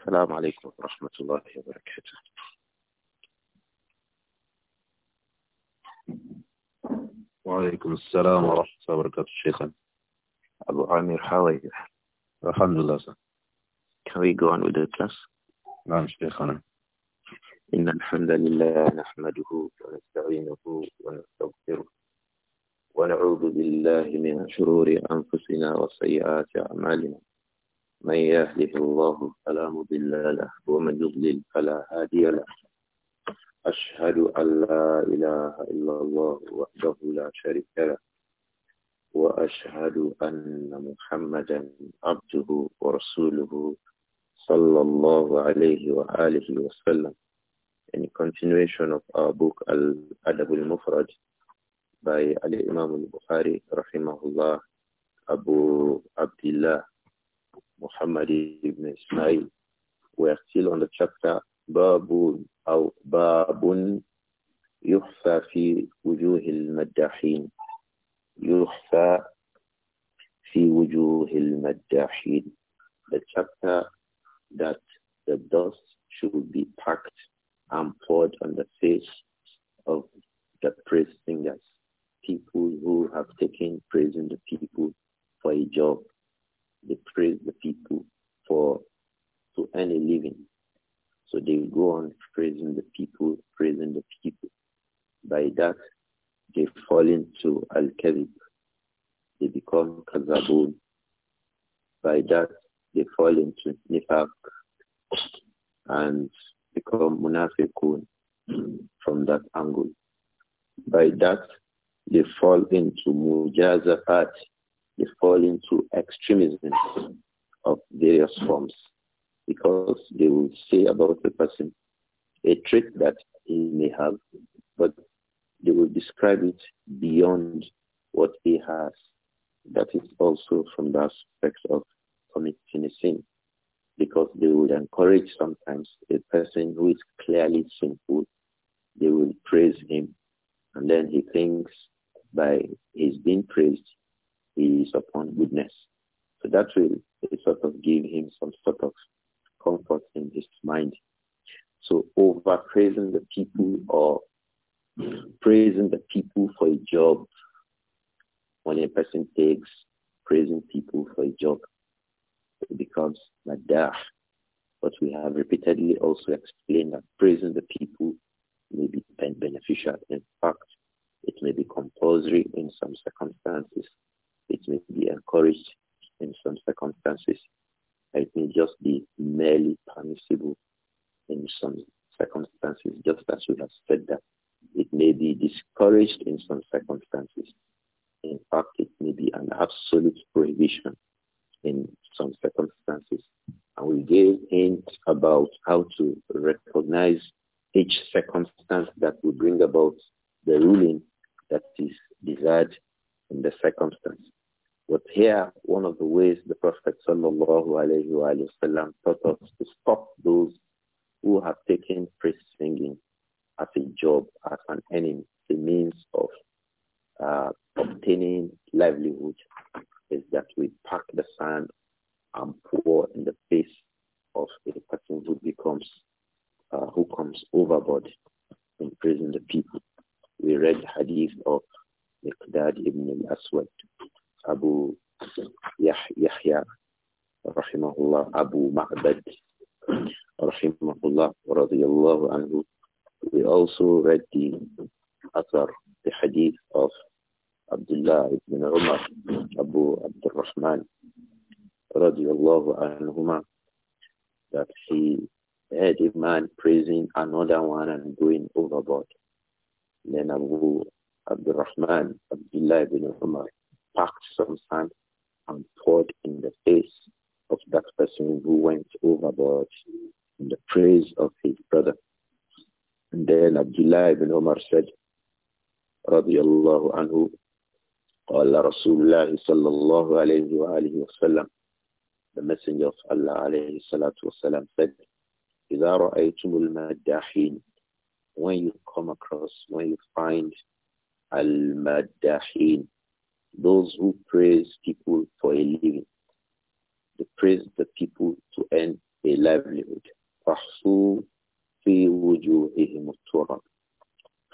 السلام عليكم ورحمة الله وبركاته وعليكم السلام ورحمة الله وبركاته شيخا أبو عامر how الحمد لله سلام Can we go on with the class? نعم شيخنا إن الحمد لله نحمده ونستعينه ونستغفره ونعوذ بالله من شرور أنفسنا وسيئات أعمالنا من يهده الله فلا مضل له ومن يضلل فلا هادي له أشهد أن لا إله إلا الله وحده لا شريك له وأشهد أن محمدا عبده ورسوله صلى الله عليه وآله وسلم In continuation of our book Al-Adab al-Mufrad by Al-Imam al-Bukhari rahimahullah Abu Abdullah Muhammad ibn Ismail. We are still on the chapter Babun أو باب يخفى في وجوه المداحين يخفى في وجوه المداحين The chapter that the dust should be packed and poured on the face of the praise singers, people who have taken praising the people for a job. They praise the people for to earn a living. So they go on praising the people, praising the people. By that, they fall into al-kadhib. They become kazabun. By that, they fall into nifaq and become munafiqun from that angle. By that, they fall into mujazafat they fall into extremism of various forms because they will say about a person a trait that he may have, but they will describe it beyond what he has. That is also from the aspect of committing a sin because they will encourage sometimes a person who is clearly sinful. They will praise him and then he thinks by his being praised, is upon goodness. So that will sort of give him some sort of comfort in his mind. So overpraising the people or praising the people for a job, when a person takes praising people for a job, it becomes madah. But we have repeatedly also explained that praising the people may be beneficial. In fact, it may be compulsory in some circumstances it may be encouraged in some circumstances. It may just be merely permissible in some circumstances, just as we have said that. It may be discouraged in some circumstances. In fact, it may be an absolute prohibition in some circumstances. And we gave hints about how to recognize each circumstance that will bring about the ruling that is desired in the circumstance. But here, one of the ways the Prophet sallallahu taught us to stop those who have taken praise singing as a job, as an enemy, the means of uh, obtaining livelihood is that we pack the sand and pour in the face of a person who becomes, uh, who comes overboard, imprison the people. We read hadith of we also read the Athar, the hadith of Abdullah ibn Umar, Abu Abdul Rahman, radiyallahu anhuma, that he heard a man praising another one and going overboard. Then Abu Abdul Rahman, Abdullah ibn Umar, packed some sand and poured in the face of that person who went overboard in the praise of his brother. And then Abdullah ibn Umar said, رضي الله عنه قال رسول الله صلى الله عليه وآله وسلم The Messenger of Allah عليه الصلاة والسلام said إذا رأيتم المداحين When you come across, when you find al-maddahin, those who praise people for a living. They praise the people to earn a livelihood.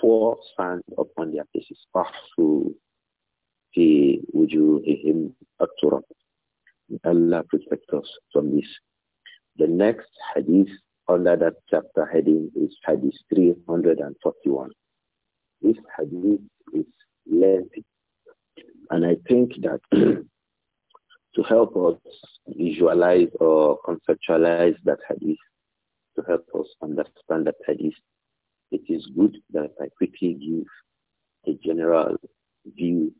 Pour sand upon their faces. Allah protect us from this. The next hadith under that chapter heading is hadith 341. This hadith is lengthy. And I think that to help us visualize or conceptualize that hadith, to help us understand that hadith, it is good that I quickly give a general view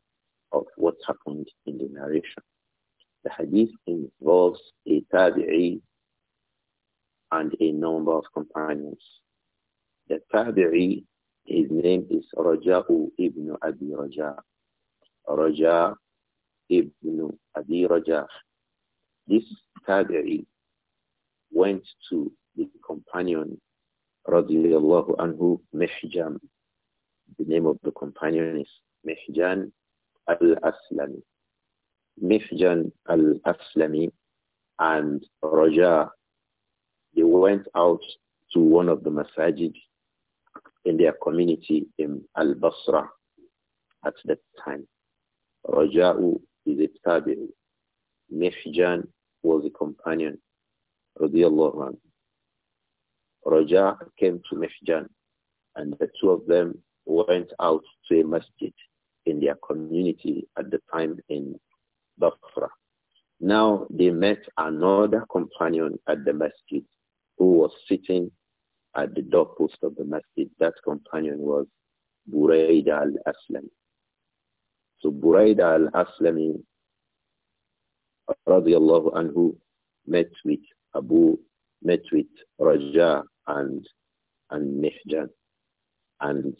of what happened in the narration. The hadith involves a tabi'i and a number of companions. The tabi'i his name is Raja'u ibn Abi Raja. Raja ibn Abi Raja. This Tabi'i went to the companion radiallahu anhu Mihjam. The name of the companion is Mihjan al-Aslami. Mihjan al-Aslami and Raja, they went out to one of the masajid in their community in Al-Basra at that time. Raja'u is a tabi'i. Mihjan was a companion, radiallahu Raja came to Mihjan and the two of them went out to a masjid in their community at the time in Basra. Now they met another companion at the masjid who was sitting at the doorpost of the masjid. That companion was Buraida al-Aslami. So Buraida al-Aslami radiallahu anhu met with Abu, met with Raja and, and Mihjan. And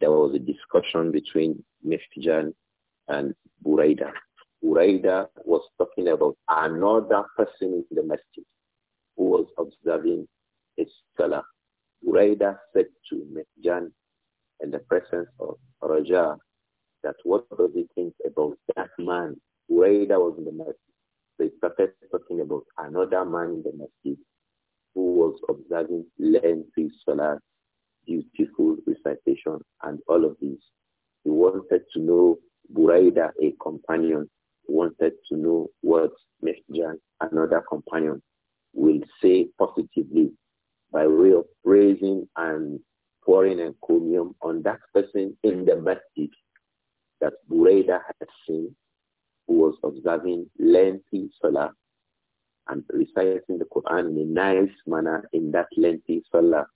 there was a discussion between Mihjan and Buraida. Buraida was talking about another person in the masjid who was observing his Buraida said to Mehjan in the presence of Raja that what does he think about that man? Buraida was in the masjid. They started talking about another man in the masjid who was observing lengthy salah, beautiful recitation, and all of this. He wanted to know Buraida, a companion, wanted to know what Mehjan, another companion, will say positively by way of praising and pouring encomium on that person in the mosque that Bureda had seen who was observing lengthy salah and reciting the Quran in a nice manner in that lengthy salah.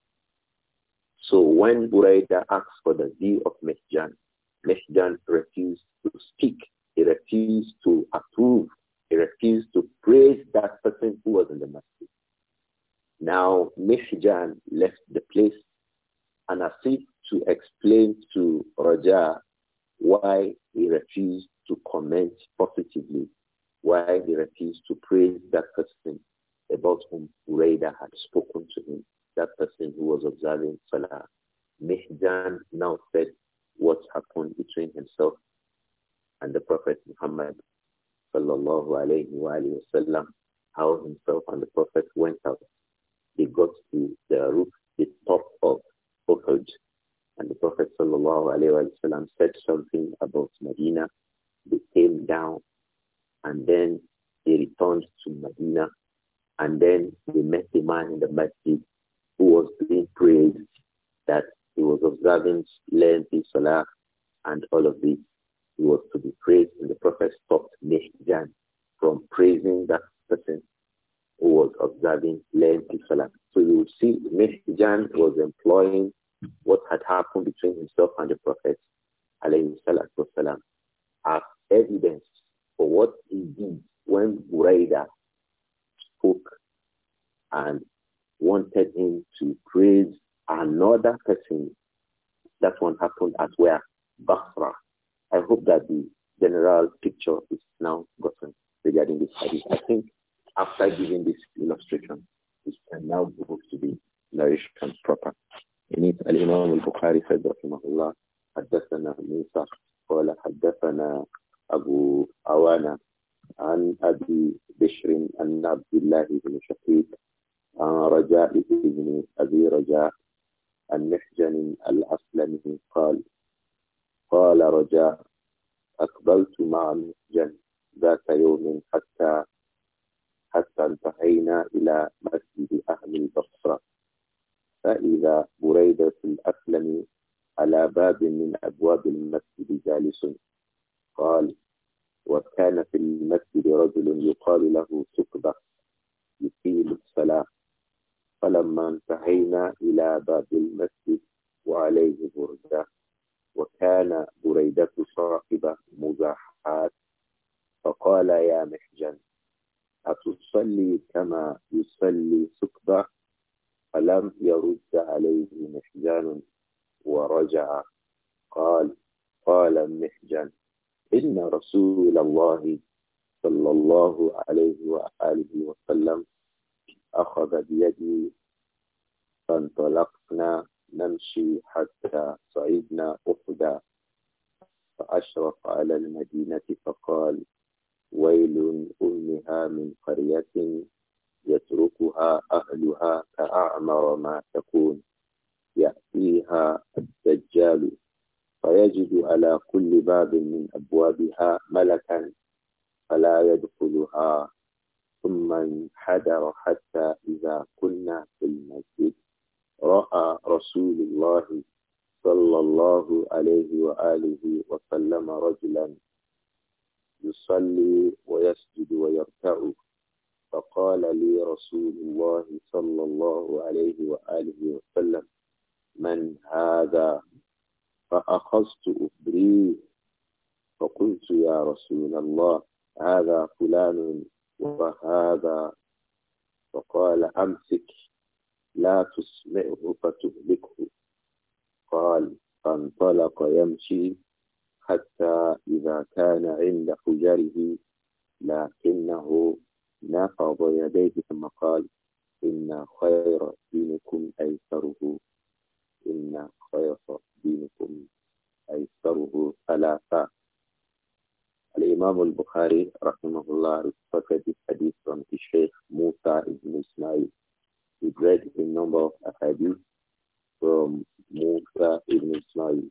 So when Buraida asked for the view of Mehjan, Mehjan refused to speak. He refused to approve. He refused to praise that person who was in the mosque. Now Mihjan left the place and if to explain to Raja why he refused to comment positively, why he refused to praise that person about whom Uraida had spoken to him, that person who was observing Salah. Mihjan now said what happened between himself and the Prophet Muhammad sallallahu alayhi wa, alayhi wa sallam, how himself and the Prophet went out they got to the roof, the top of Uhud. And the Prophet ﷺ said something about Medina. They came down and then they returned to Medina. And then they met the man in the masjid who was being praised that he was observing lengthy salah and all of this. He was to be praised and the Prophet stopped Mihjan from praising that person who was observing lengthy salah. So you will see Mihjan was employing what had happened between himself and the Prophet والسلام, as evidence for what he did when Buraida spoke and wanted him to praise another person. That one happened as well. Basra. I hope that the general picture is now gotten regarding this hadith. I think after giving this illustration, we can now go to the narration proper. In it, Al-Imam al-Bukhari said, Rahimahullah, حدثنا موسى قال حدثنا أبو أوانا عن أبي بشر أن عبد الله بن شقيق عن رجاء بن أبي رجاء المحجن الأسلمي قال قال رجاء أقبلت مع محجن ذات يوم حتى حتى انتهينا إلى مسجد أهل البصرة فإذا بريدة الأسلم على باب من أبواب المسجد جالس قال وكان في المسجد رجل يقال له سكبة يقيل الصلاة فلما انتهينا إلى باب المسجد وعليه بردة وكان بريدة صاحب مزاحات فقال يا محجن أتصلي كما يصلي سكبة فلم يرد عليه محجان ورجع قال قال محجن إن رسول الله صلى الله عليه وآله وسلم أخذ بيدي فانطلقنا نمشي حتى صعدنا أخذ فأشرف على المدينة فقال ويل أمها من قرية يتركها أهلها كأعمر ما تكون يأتيها الدجال فيجد على كل باب من أبوابها ملكا فلا يدخلها ثم انحدر حتى إذا كنا في المسجد رأى رسول الله صلى الله عليه وآله وسلم رجلا يصلي ويسجد ويركع فقال لي رسول الله صلى الله عليه وآله وسلم من هذا فأخذت أبريه فقلت يا رسول الله هذا فلان وهذا فقال أمسك لا تسمعه فتهلكه قال فانطلق يمشي حتى إذا كان عند حجره لكنه نقض يديه ثم قال إن خير دينكم أيسره إن خير دينكم أيسره ثلاثة الإمام البخاري رحمه الله reported this hadith from موسى بن إسماعيل ibn Ismail. He read a number of hadith from Musa ibn Ismail.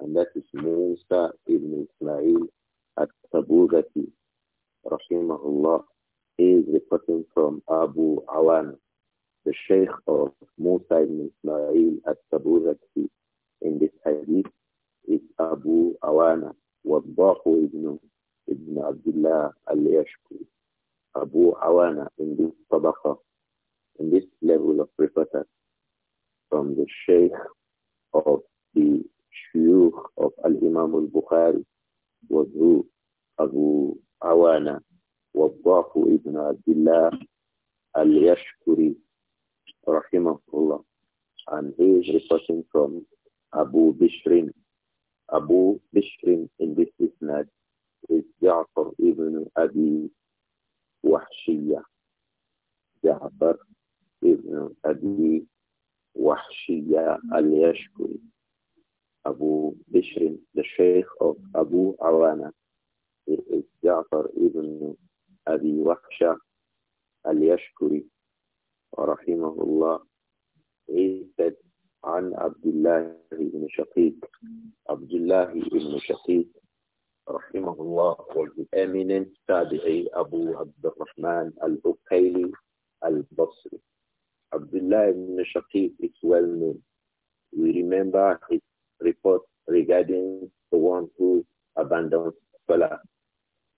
and that is Musa ibn Ismail at-Tabugati, rahimahullah, is reporting from Abu Awan, the Sheikh of Musa ibn Ismail at-Tabugati. In this hadith is Abu Awana, وَالضَّاقُ ibn, ibn Abdullah al-Yashkuri. Abu Awana in this tabaqa, in this level of reporters from the Sheikh of the shuyukh of al البخاري وذو bukhari عوانة Abu Awana والضعف ابن عبد الله اليشكري رحمه rahimahullah and he is reporting from Abu Bishrin. Abu Bishrin in this isnad is Ja'far ibn Abi Wahshiyah. Ja'far ibn Abi Wahshiyah al-Yashkuri. Abu Bishrin, the Sheikh of Abu Awana. It is Ja'far ibn Abi Waqsha al-Yashkuri, rahimahullah. He said, an Abdullah ibn بن Abdullah ibn الله Rahimahullah, was the eminent tabi'i Abu Abdurrahman al-Uqayli al-Basri Abdullah ibn Shaqiq is well known. We remember his Report regarding the one who abandons Salah,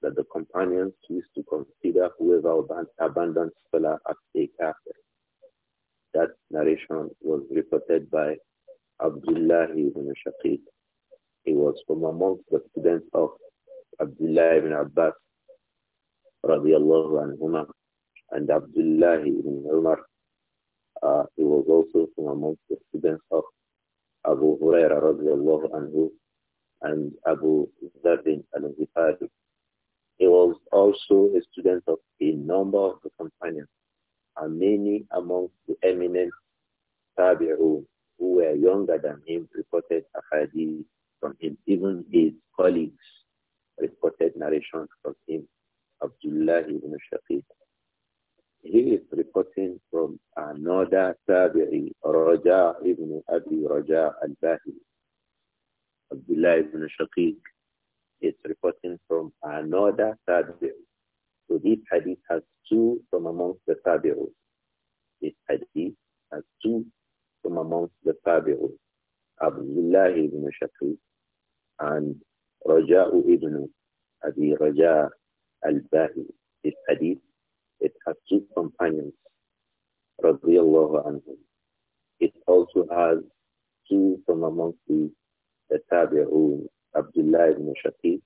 that the companions used to consider whoever abandons Salah as a kafir. That narration was reported by Abdullah ibn Shaqiq. He was from amongst the students of Abdullah ibn Abbas radiallahu anhuma and Abdullah ibn Umar. Uh, he was also from amongst the students of Abu Huraira radiallahu anhu and Abu Zabin al-Zifari. He was also a student of a number of the companions and many amongst the eminent Tabi'un who were younger than him reported ahadith from him. Even his colleagues reported narrations from him. Abdullah ibn Shaqiq, he is reporting from another Tabi'i, Raja ibn Abi Raja al-Bahili. Abdullah ibn Shaqiq is reporting from another Tabi'i. So this hadith has two from amongst the Tabi'us. This hadith has two from amongst the Tabi'us. Abdullah ibn Shaqiq and Raja ibn Abi Raja al-Bahili. This hadith it has two companions, radiallahu anhum. It also has two from amongst the, the Tabi'un, Abdullah ibn Shaqiq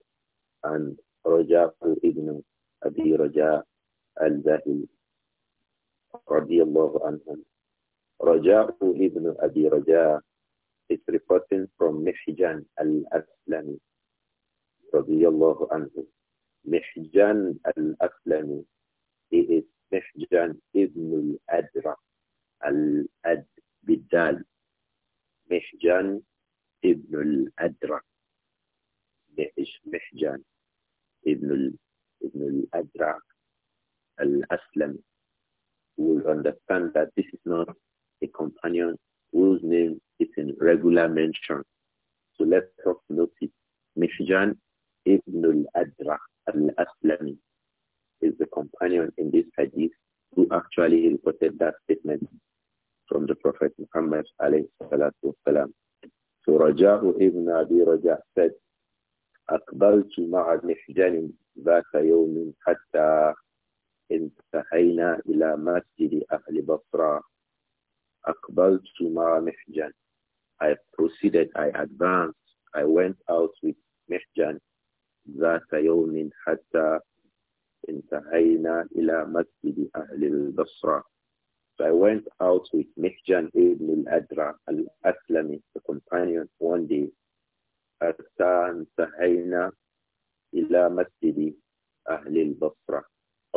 and Raja ibn Abi Raja al-Zahili, radiallahu anhum. Raja ibn Abi Raja is reporting from Mihjan al-Aslami, radiallahu anhu. Mihjan al-Aslami it is Mihjan ibn al-Adra, al-Ad bidal. Mihjan ibn al-Adra. Mihjan ibn al-Adra al-Aslam will understand that this is not a companion whose name is in regular mention. So let's talk notice. Mihjan ibn al-Adra al-Aslami is the companion in this hadith who actually reported that statement from the Prophet Muhammad alayhi salatu wasalam. So Rajahu ibn Abi Raja said, أقبلت مع محجن ذات يوم حتى انتهينا إلى مسجد أهل بصرة أقبلت مع محجن I proceeded, I advanced, I went out with محجن ذات يوم حتى انتهينا إلى مسجد أهل البصرة. So I went out with Mihjan ibn al-Adra al-Aslami, the companion, one day. حتى انتهينا إلى مسجد أهل البصرة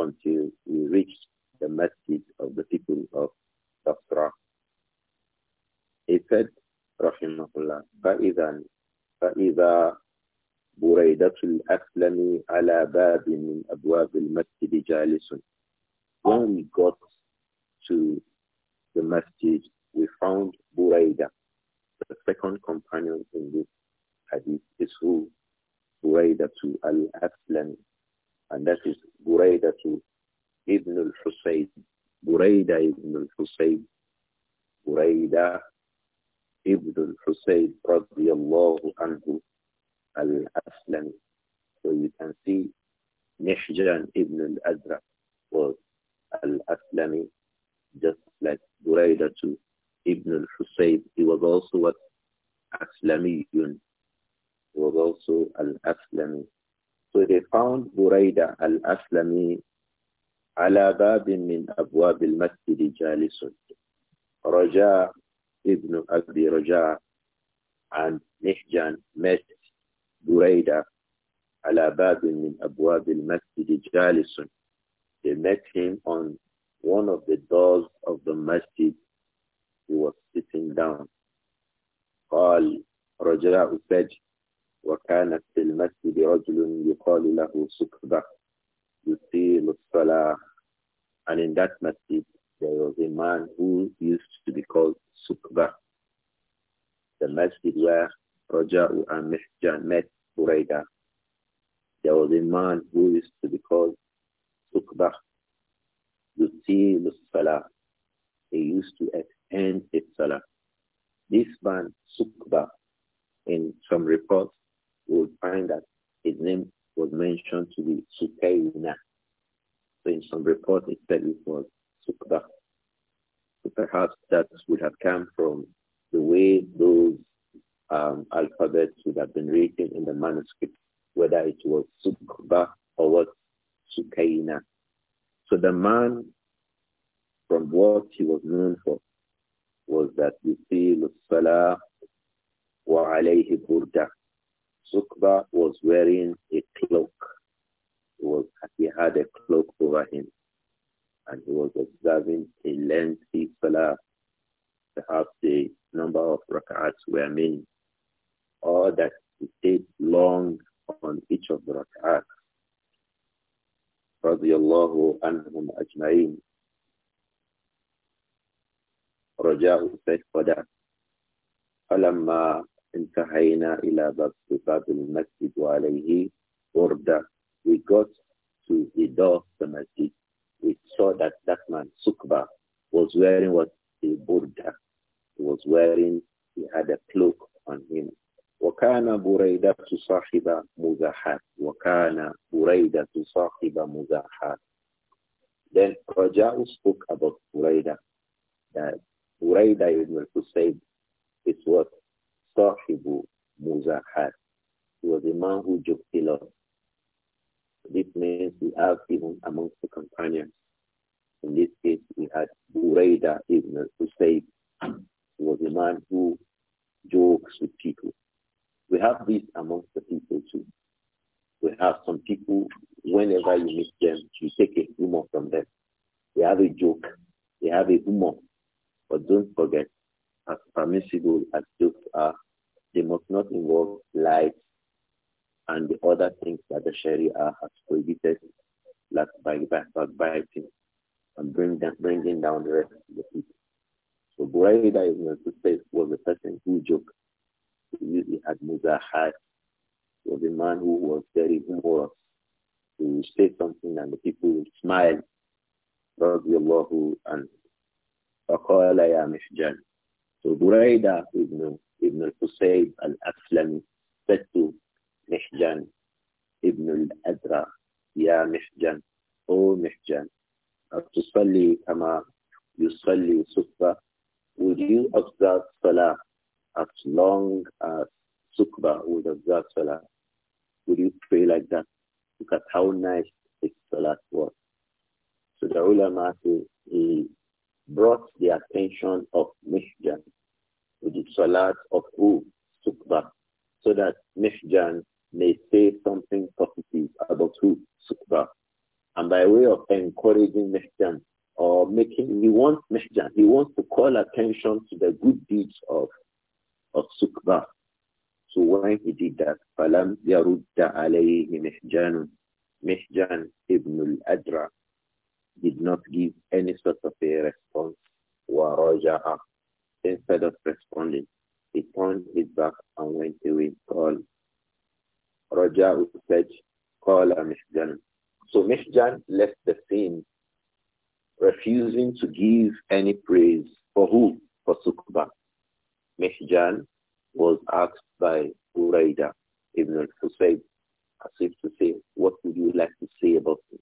until we reached the masjid of the people of Basra. He said, رحمه الله, فإذا فإذا بريدة الأسلم على باب من أبواب المسجد جالس When we got to the masjid, we found Buraida. The second companion in this hadith is who? Buraida to al-Aslami. And that is Buraida to Ibn al-Husayn. Buraida ibn al-Husayn. Buraida ibn al-Husayn radiyallahu anhu al-Aslami. So you can see Nihjan ibn al-Azraq was al-Aslami, just like Buraida too. Ibn al-Husayb, he was also what? Aslamiyun. He was also al-Aslami. So they found Buraida al-Aslami على باب من أبواب المسجد جالس رجاء ابن أبي رجاء and Nihjan met they met him on one of the doors of the masjid. He was sitting down. قال رجاء said وكان في المسجد رجل يقال له سكبة يطيل الصلاة and in that masjid there was a man who used to be called Sukba. The masjid where Raja'u and Mihjan met Buraida. There was a man who used to be called Sukbah the Salah. He used to extend his Salah. This man, Sukbah, in some reports, we find that his name was mentioned to be Sukayna. So in some reports, it said it was Sukbah. So perhaps that would have come from the way those um, alphabets would have been written in the manuscript, whether it was Sukba or what Sukaina. So the man, from what he was known for, was that Yusil Salah wa alayhi burda. Sukba was wearing a cloak. He, was, he had a cloak over him. And he was observing a lengthy salah. Perhaps the number of rak'ats were many or that it takes long on each of the rak'at. رضي الله عنهم أجمعين رجاء said for that فلما انتهينا إلى باب باب المسجد وعليه وردة we got to the door of the masjid we saw that that man Sukba was wearing what a burda he was wearing he had a cloak on him وكان بريدة صاحب مزاحات وكان بريدة صاحب مزاحات Then Raja'u spoke about Buraida. That Buraida ibn al-Husayb is what? Sahibu Muzahat. He was a man who joked a lot. This means we have even amongst the companions. In this case, we had Buraida ibn al-Husayb. He was a man who jokes with people. We have this amongst the people too. We have some people, whenever you meet them, you take a humor from them. They have a joke. They have a humor. But don't forget, as permissible as jokes are, they must not involve lies and the other things that the Sharia has prohibited, like by backbiting and bring them, bringing down the rest of the people. So Buraida is says was a person who joked immediately had Muzahad was a man who was very humorous. He would say something and the people would smile. رضي الله عنه فقال يا So Buraida ibn, ibn al-Husayb al-Aslami said to Mihjan ibn al-Adra, Ya Mihjan, O Mihjan, Would you observe Salah as long as Sukba would observe Salah, would you pray like that? Look at how nice his Salah was. So the ulama he brought the attention of Mihjan to the Salah of who? Sukba. So that Mihjan may say something positive about who? Sukba. And by way of encouraging Mihjan or making, he wants Mihjan, he wants to call attention to the good deeds of of Sukba. So why he did that, فَلَمْ يَرُدَّ عَلَيْهِ مِحْجَانٌ Mihjan ibn al-Adra did not give any sort of a response. وَرَجَعَ Instead of responding, he turned his back and went away. Call. Raja'u said, قَالَ Mihjan. So Mihjan left the scene, refusing to give any praise. For who? For Sukba. Mihjan was asked by Uraida Ibn al Husayn, as if to say, what would you like to say about me?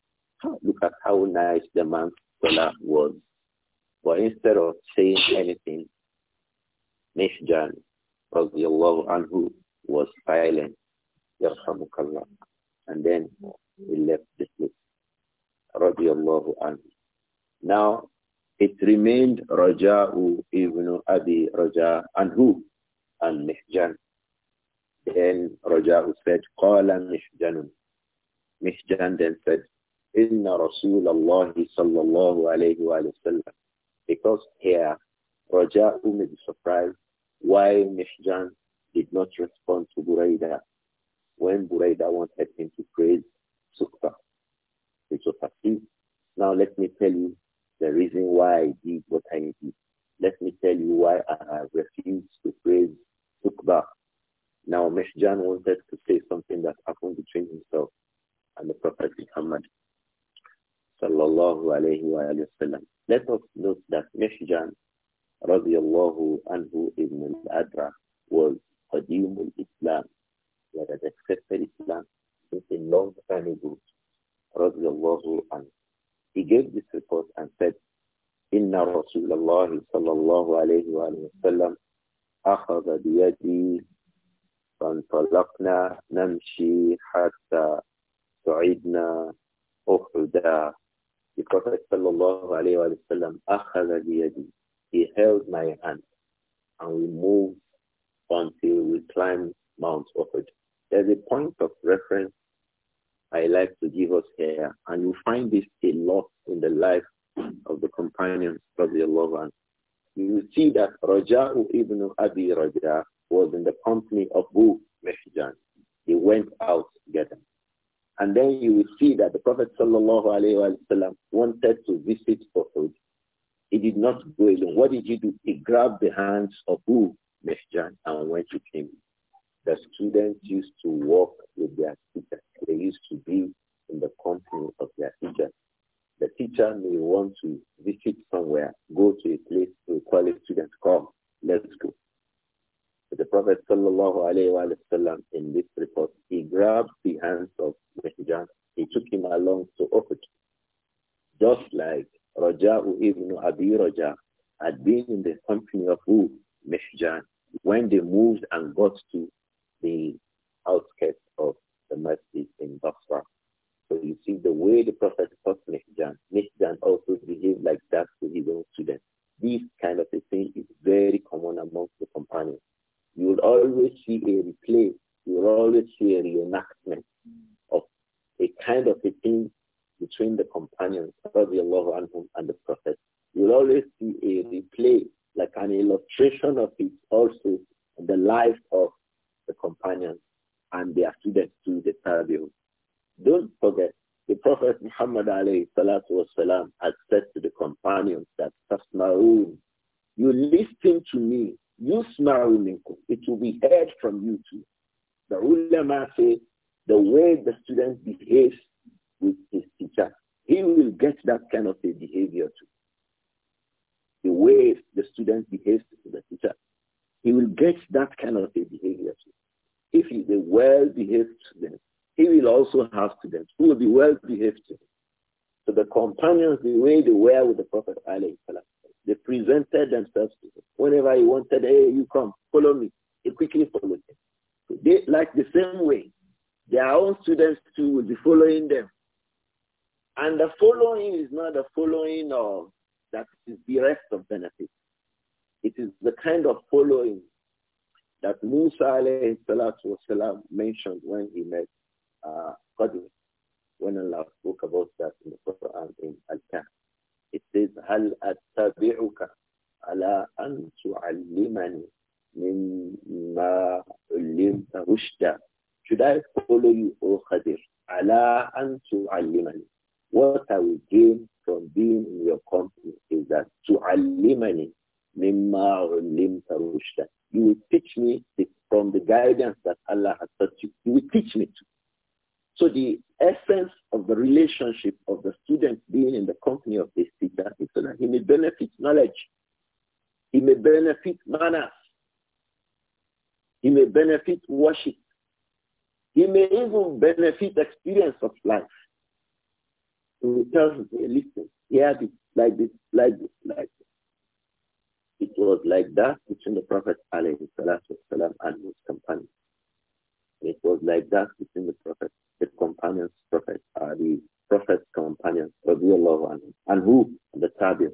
Look at how nice the man's salah was. But instead of saying anything, Mihjan radiallahu anhu was silent. Yarhamukallah. And then he left the place. Radiallahu anhu. Now, it remained Raja'u ibn Abi Raja and who? And Mihjan. Then Raja'u said, Qala Mihjanun. Mihjan then said, Inna Rasulallah sallallahu alayhi wa sallam. Because here, Raja'u may be surprised why Mihjan did not respond to Buraida when Buraida wanted him to praise Sukta. It was a Now let me tell you the reason why I did what I did. Let me tell you why I refused to praise Tukba. Now, Meshjan wanted to say something that happened between himself and the Prophet Muhammad. Sallallahu Let us note that Meshjan, radiallahu anhu ibn al-Adra, was Qadim al-Islam. He had accepted Islam since a long time ago, radiallahu anhu. He gave this report and said, "Inna Rasulullah الله صلى الله عليه وسلم أخذ بيدي فانطلقنا نمشي حتى The Prophet sallallahu alayhi wa sallam He held my hand and we moved until we climbed Mount Uhud. There's a point of reference I like to give us here, And you find this a lot in the life of the companions of the Allah. You see that Raja'u ibn Abi Raja was in the company of Abu Mehjan. They went out together. And then you will see that the Prophet wasallam wanted to visit Uhud. He did not go alone. What did he do? He grabbed the hands of Abu Mehjan and went with him. The students used to walk with their teachers they used to be in the company of their teacher. The teacher may want to visit somewhere, go to a place to call a student, come, let's go. But the Prophet wasallam in this report, he grabbed the hands of Messenger, he took him along to Uhud. Just like Raja, ibn Abi Raja had been in the company of who? Messenger. When they moved and got to the outskirts of the masjid in Basra. So you see the way the Prophet taught Mihjan, Mihjan also behaved like that to his own students. This kind of a thing is very common amongst the companions. You will always see a replay, you will always see a reenactment of a kind of a thing between the companions anhum, and the Prophet. You will always see a replay, like an illustration of it also in the life of the companions and their students to the Tarawih. Don't forget, the Prophet Muhammad alayhi salatu wasalam had said to the companions that Tasma'un, you listen to me, you sma'u minkum. It will be heard from you too. The ulama say the way the student behaves with his teacher, he will get that kind of a behavior too. The way the student behaves with the teacher, he will get that kind of a behavior too. If he's a well-behaved student, he will also have students who will be well-behaved students. So the companions, the way they were with the Prophet alayhi they presented themselves to him. Whenever he wanted, hey, you come, follow me. He quickly followed them. So they, like the same way, their own students too will be following them. And the following is not the following of that is bereft of benefit. It is the kind of following that Musa alayhi salatu wasalam mentioned when he met uh, Qadir, when Allah spoke about that in the Quran in Al-Kahf. It says, هَلْ أَتَّبِعُكَ عَلَىٰ أَن تُعَلِّمَنِي relationship of the student being in the company of this teacher is so that he may benefit knowledge. He may benefit manners. He may benefit worship. He may even benefit experience of life. So he tells him, listen, hear this, like this, like this, like this. It was like that between the Prophet and his companions. sabe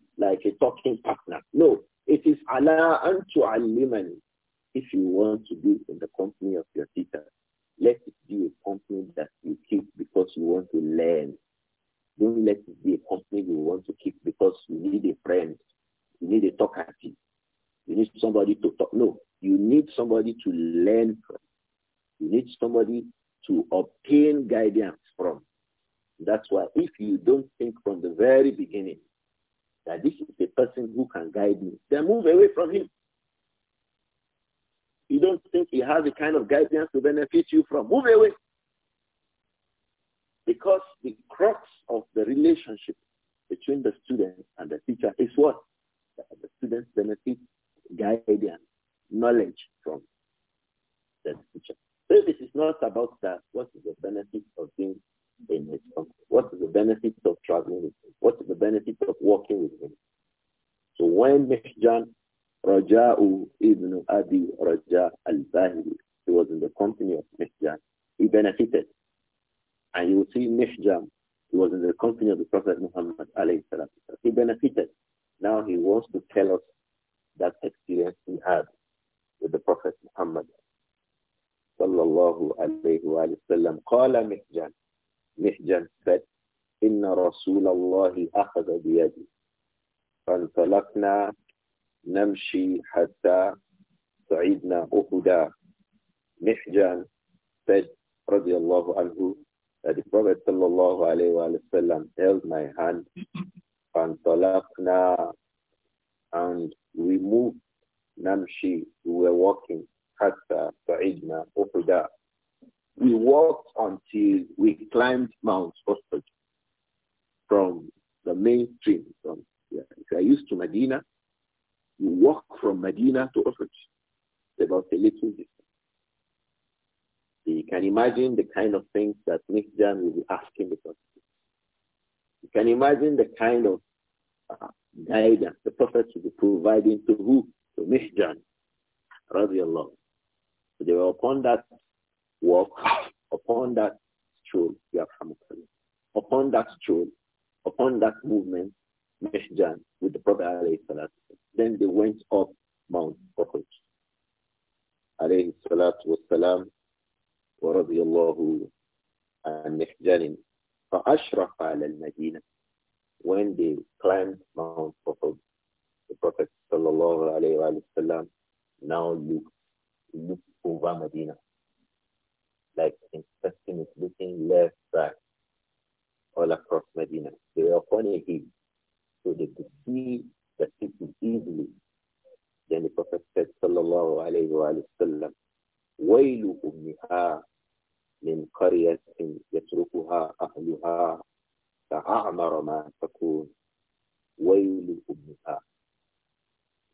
guide me, then move away from him. You don't think he has the kind of guidance to benefit you from. Move away. Because the crux of the relationship between the student and the teacher is what? The student benefits guidance, knowledge from the teacher. So this is not about that, what is the benefit of being in his company? What is the benefit of traveling with him? What is the benefit of working with him? So when Mihjan Raja'u ibn Abi Raja al bahri he was in the company of Mihjan, he benefited. And you will see Mihjan, he was in the company of the Prophet Muhammad alayhi salam. He benefited. Now he wants to tell us that experience he had with the Prophet Muhammad sallallahu alayhi wa sallam. Qala Mihjan. Mihjan said, إن رسول الله أخذ بيدي فانطلقنا نمشي حتى صعدنا أهدا محجان said رضي الله عنه that the Prophet صلى الله عليه وسلم held my hand فانطلقنا and we moved نمشي we were walking حتى صعدنا أهدا we walked until we climbed Mount Ostrich from the mainstream, from if you are used to Medina, you walk from Medina to Uhud. It's about a little distance. So you can imagine the kind of things that Mihjan will be asking the Prophet. You can imagine the kind of uh, guidance the Prophet will be providing to who? To Mihjan, So they were upon that walk, upon that stroll, upon that stroll, upon that movement, Mihjan with the Prophet alayhi salatu. Then they went up Mount Uhud alayhi salatu was salam wa radiyallahu an Mihjanin. على المدينة when they climbed Mount Uhud the Prophet sallallahu alayhi wa now looked, looked over Medina like inspecting it looking left right all across Medina they were upon a hill so they could see the city easily. Then the Prophet said, Sallallahu Alaihi Wasallam, وَيْلُ أُمِّهَا مِنْ قَرْيَةٍ يَتْرُكُهَا أَهْلُهَا فأعمر ما تكون ويل أمها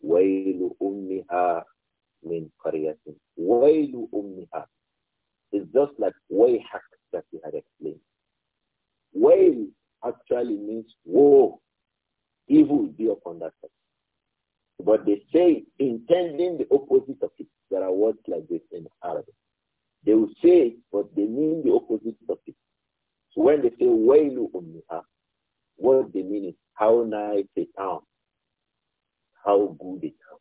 ويل أمها من قرية ويل أمها It's just like wayhak that we had explained. Wail actually means woe. evil will be upon that person. But they say intending the opposite of it. There are words like this in Arabic. They will say but they mean the opposite of it. So when they say wailu ummiha, what they mean is how nice it town, how good it town,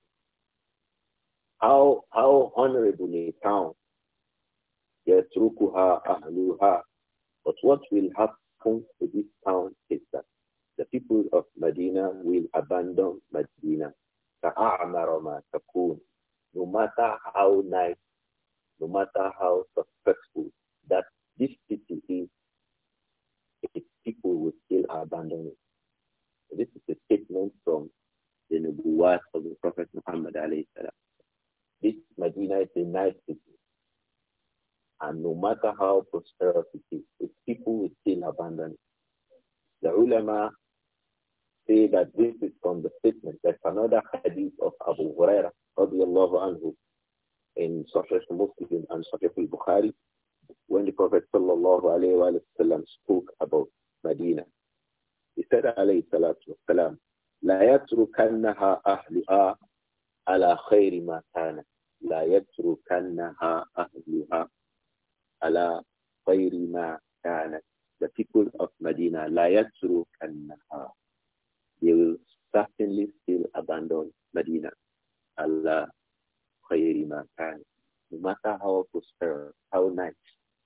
how, how honorable it sounds. Yatrukuha ahluha. But what will happen to this town is that the people of Medina will abandon Medina. No matter how nice, no matter how successful that this city is, its people will still abandon it. this is a statement from the Nubuwat of the Prophet Muhammad This Medina is a nice city. And no matter how prosperous it is, its people will still abandon it. The ulama say that this is from the statement. There's another hadith of Abu Huraira radiallahu anhu in Sahih Muslim and Sahih al-Bukhari when the Prophet sallallahu alayhi wa spoke about Medina. He said alayhi salatu wasalam, لا يتركنها أهلها على خير ما كانت لا يتركنها أهلها على خير ما كانت the people of Medina لا يتركنها they will certainly still abandon Medina. Allah no matter how prosperous, how nice,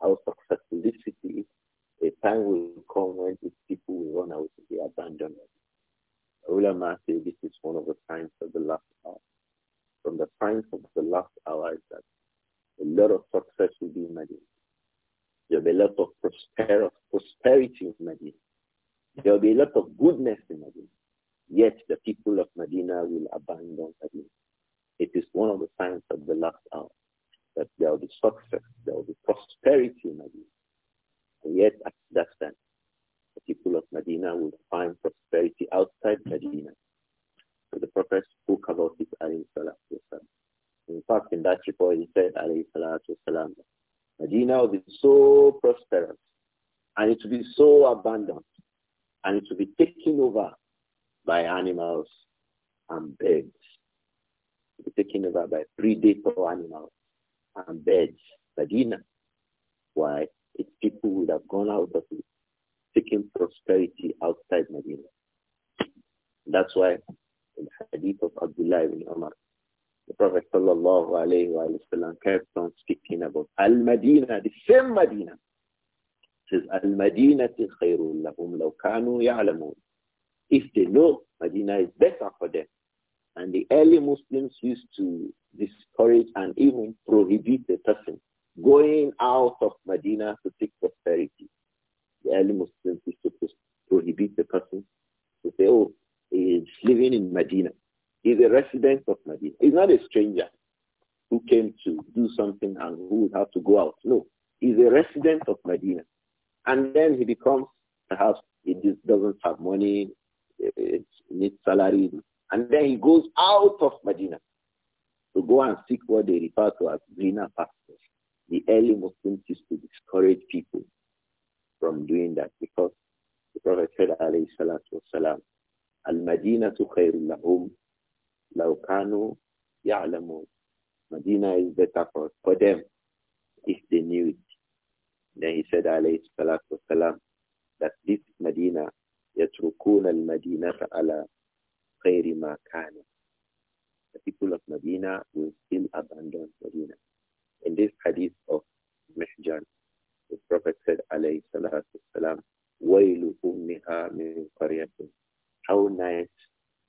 how successful this city is, a time will come when its people will run out to be abandoned. Ulama say this is one of the signs of the last hour. From the signs of the last hour is that a lot of success will be in Medina. There'll be a lot of prosperity in Medina. There'll be a lot of goodness in Medina. Yet the people of Medina will abandon it. It is one of the signs of the last hour that there will be success, there will be prosperity in Medina. And yet at that time, the people of Medina will find prosperity outside Medina. So the Prophet spoke about this, alayhi salatu wasalam. In fact, in that report, he said, alayhi salatu wasalam, Medina will be so prosperous and it will be so abundant and it will be taken over by animals and birds. Taken over by predatory animals and birds. Medina. Why? Its people would have gone out of it, seeking prosperity outside Medina. That's why in the hadith of Abdullah ibn Umar, the Prophet sallallahu alayhi wa sallam kept on speaking about Al-Madina, the same Medina. It says, Al-Madinati khayrun lahum law kanu ya'lamun if they know Medina is better for them. And the early Muslims used to discourage and even prohibit the person going out of Medina to seek prosperity. The early Muslims used to prohibit the person to say, oh, he's living in Medina. He's a resident of Medina. He's not a stranger who came to do something and who would have to go out. No, he's a resident of Medina. And then he becomes, perhaps he just doesn't have money, it's, eh, eh, salary, And then he goes out of Medina to go and seek what they refer to as greener pastures. The early Muslims used to discourage people from doing that because the Prophet said, alayhi salatu wasalam, Al-Madinatu khairul lahum law ya'lamun. Medina is better for, for them if they knew it. Then he said, alayhi salatu wasalam, that this Medina يتركون المدينة على غير ما كانوا the people of Medina will still abandon Medina. In this hadith of Mihjan, the Prophet said, alayhi salatu salam, وَيْلُ أُمِّهَا مِنْ قَرْيَةٍ How nice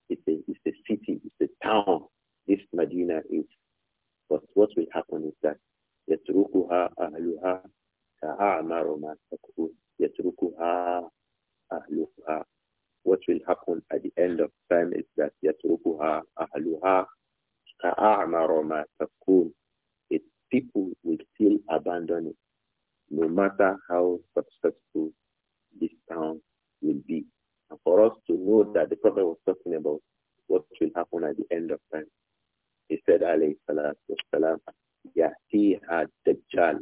it's it's the city, it's the town, this Medina is. But what will happen is that يَتْرُكُهَا أَهْلُهَا كأعمار مَا تَكُونَ يَتْرُكُهَا ahluha. What will happen at the end of time is that yatrukuha ahluha ka'a'maro takun. It people will still abandon it, no matter how successful this town will be. And for us to know that the Prophet was talking about what will happen at the end of time, he said, alayhi salatu wasalam, Yahtiha Dajjal.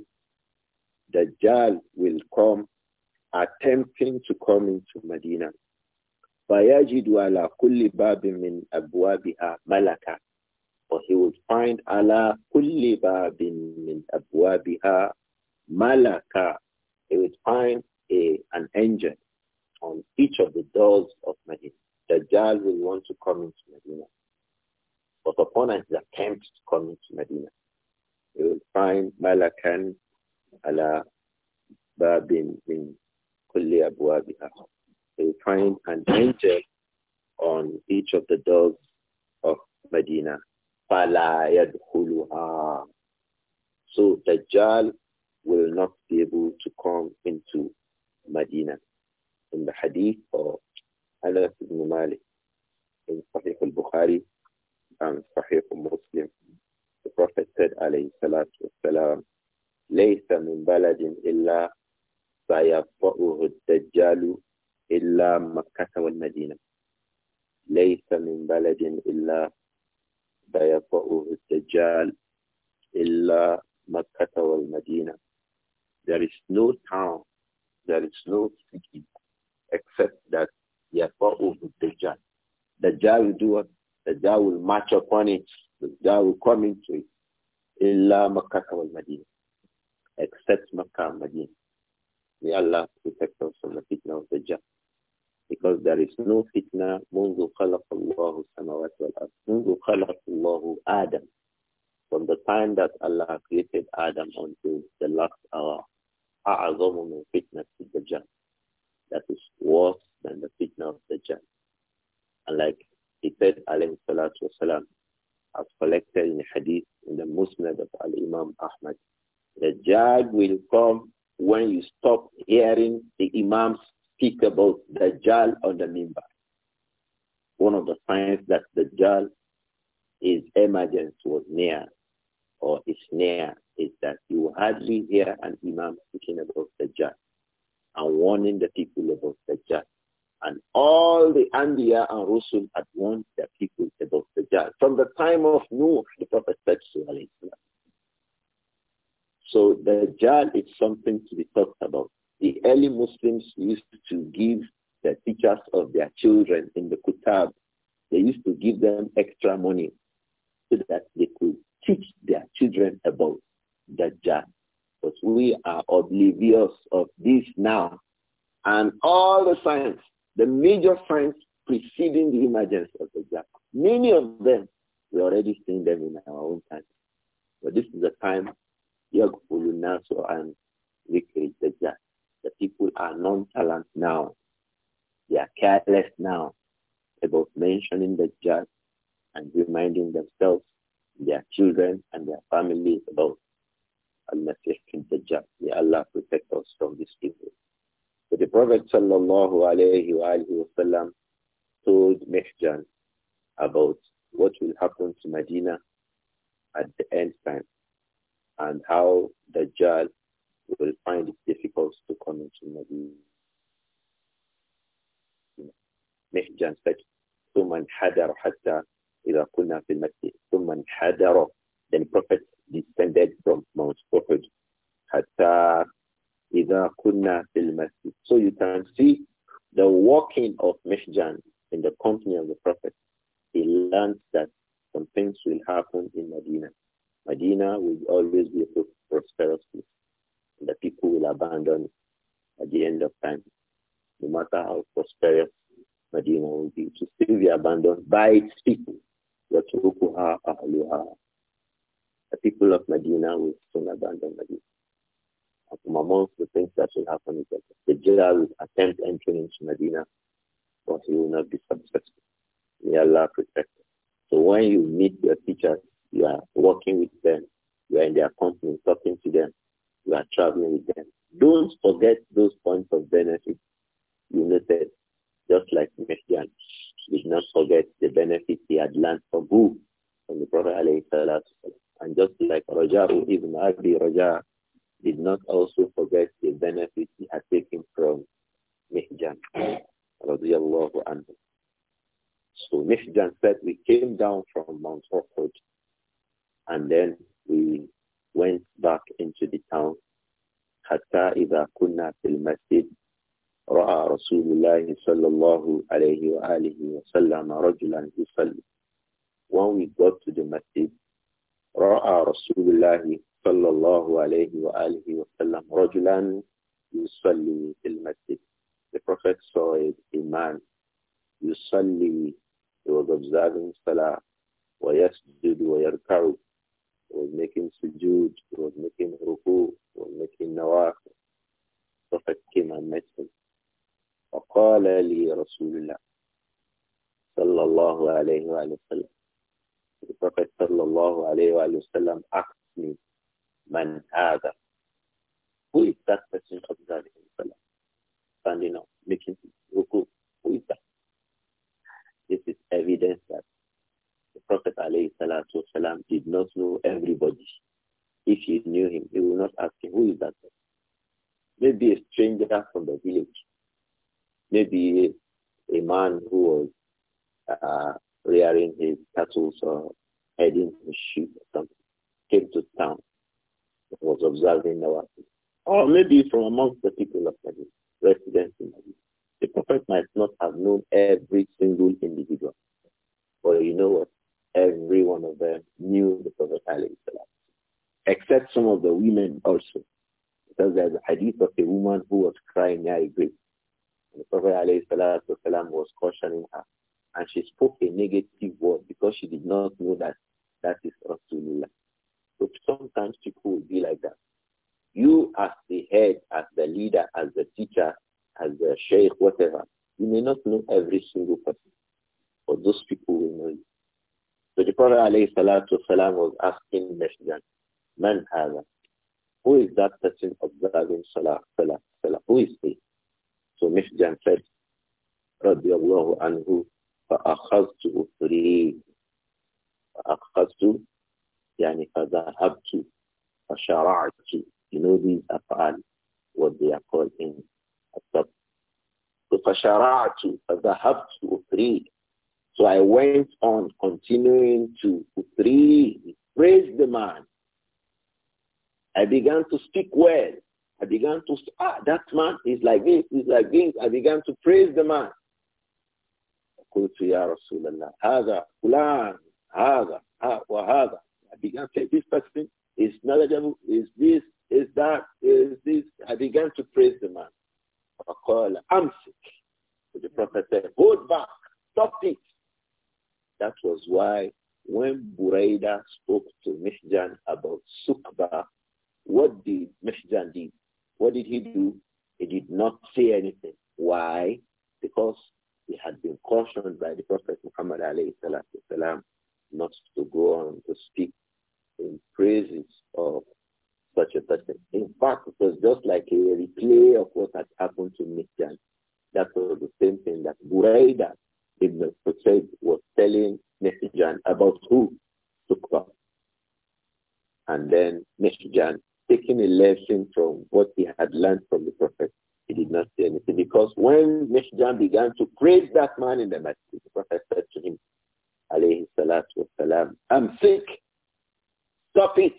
Dajjal will come attempting to come into Medina. فَيَجِدُ عَلَى كُلِّ بَابٍ مِّنْ أَبْوَابِهَا مَلَكًا But he would find عَلَى كُلِّ بَابٍ مِّنْ أَبْوَابِهَا مَلَكًا He would find a, an angel on each of the doors of Medina. Dajjal will want to come into Medina. But upon his attempt to come into Medina, he will find Malakan ala Babin min they will find an angel on each of the doors of Medina. فَلَا يَدْخُلُهَا So Dajjal will not be able to come into Medina. In the hadith of Anas ibn Malik, in Sahih al-Bukhari and Sahih al-Muslim, the Prophet said, alayhi salatu salam, لَيْسَ مِنْ بَلَدٍ إِلَّا الدجال إلا مكة والمدينة ليس من بلد إلا الدجال إلا مكة والمدينة There is no town, there is no city except that يطأه الدجال Dajjal will do what? Dajjal will march upon it. Dajjal will come into it. إلا مكة والمدينة except Makkah and May Allah protect us from the fitna of the jah. Because there is no fitna منذ خلق الله السماوات والأرض منذ خلق الله آدم from the time that Allah created Adam until the last hour أعظم من فتنة الدجال that is worse than the fitna of Dajjal. And like he said, alayhi salatu wasalam, as collected in hadith in the Musnad of Al-Imam Ahmad, the Dajjal will come when you stop hearing the imams speak about the Dajjal on the mimbar. One of the signs that the Dajjal is emergence was near or is near is that you hardly hear an imam speaking about the Dajjal and warning the people about the Dajjal. And all the Anbiya and Rusul had warned the people about the Dajjal. From the time of noor the Prophet said, so the Dajjal is something to be talked about. The early Muslims used to give the teachers of their children in the Kutab, they used to give them extra money so that they could teach their children about Dajjal. But we are oblivious of this now. And all the signs, the major signs preceding the emergence of the Dajjal, many of them, we already seen them in our own time. But this is the time يَغْفُلُ النَّاسُ عَنْ ذِكْرِ الدَّجَّالِ The people are nonchalant now. They are careless now about mentioning the Dajjal and reminding themselves, their children, and their families about Al-Masih al-Dajjal. May Allah protect us from this evil. So the Prophet sallallahu alayhi wa alayhi wasallam told Mihjan about what will happen to Medina at the end time how the Dajjal will find it difficult to come into Medina. مهجا ثم انحدر حتى إذا كنا في المسجد ثم انحدر then prophet descended from Mount Prophet حتى إذا كنا في المسجد so you can see the walking of Mihjan in the company of the prophet he learns that some things will happen in Medina Medina will always be a prosperous place. The people will abandon at the end of time, no matter how prosperous Medina will be, will still be abandoned by its people. The people of Medina will soon abandon Medina. And from amongst the things that will happen is that the jailer will attempt entering into Medina, but he will not be successful. May Allah protect him. So when you meet your teachers you are working with them. You are in their company, talking to them. You are traveling with them. Don't forget those points of benefit you noted, just like Messian did not forget the benefit he had learned from who? From the Prophet ﷺ. And just like Raja'u even Abi Raja did not also forget the benefit he had taken from Mihjan. So Mihjan said, we came down from Mount Uhud and then we went back into the town. Hatta إِذَا kunna fil masjid ra'a Rasulullah sallallahu alayhi wa alihi wa sallam rajulan When we got to the masjid, ra'a Rasulullah sallallahu alayhi wa alihi wa sallam rajulan yusalli fil The Prophet saw it, a man yusalli, he was observing salah, wa yasjudu wa yarkaru, was making sujood, was making ruku, was making nawakh. Prophet came and met him. فقال لي رسول الله صلى الله عليه وآله وسلم The Prophet صلى الله عليه وآله وسلم asked me من هذا or uh, hiding his sheep or something, came to town, was observing Nawafil. Or oh, maybe from amongst the people I began to praise the man. قلت يا رسول الله هذا فلان هذا I began to say this person is knowledgeable is this is that is this I began to praise the man "I'm sick." the prophet said hold back stop it that was why when Buraida spoke to Mishjan about Sukba what did Mishjan do? what did he do did not say anything. Why? Because he had been cautioned by the Prophet Muhammad والسلام, not to go on to speak in praises of such a person. In fact, it was just like a began to praise that man in the masjid. The Prophet said to him, alayhi salatu wasalam, I'm sick. Stop it.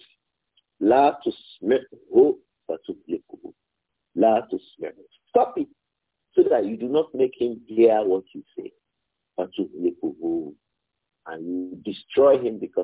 La tusmi'hu fatublikuhu. La tusmi'hu. Stop it so that you do not make him hear what you say. Fatublikuhu. And you destroy him because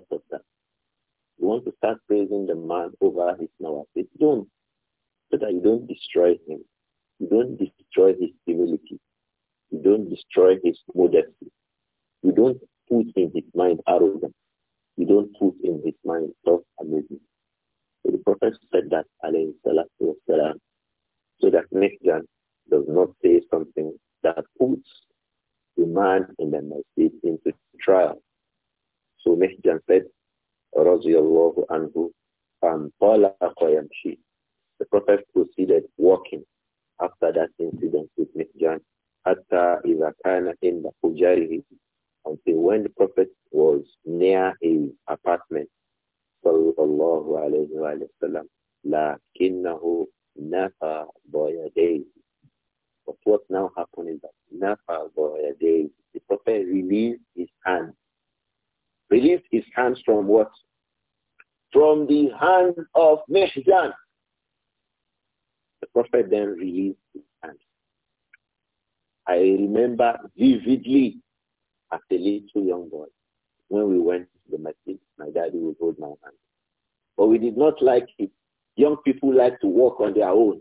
people like to work on their own.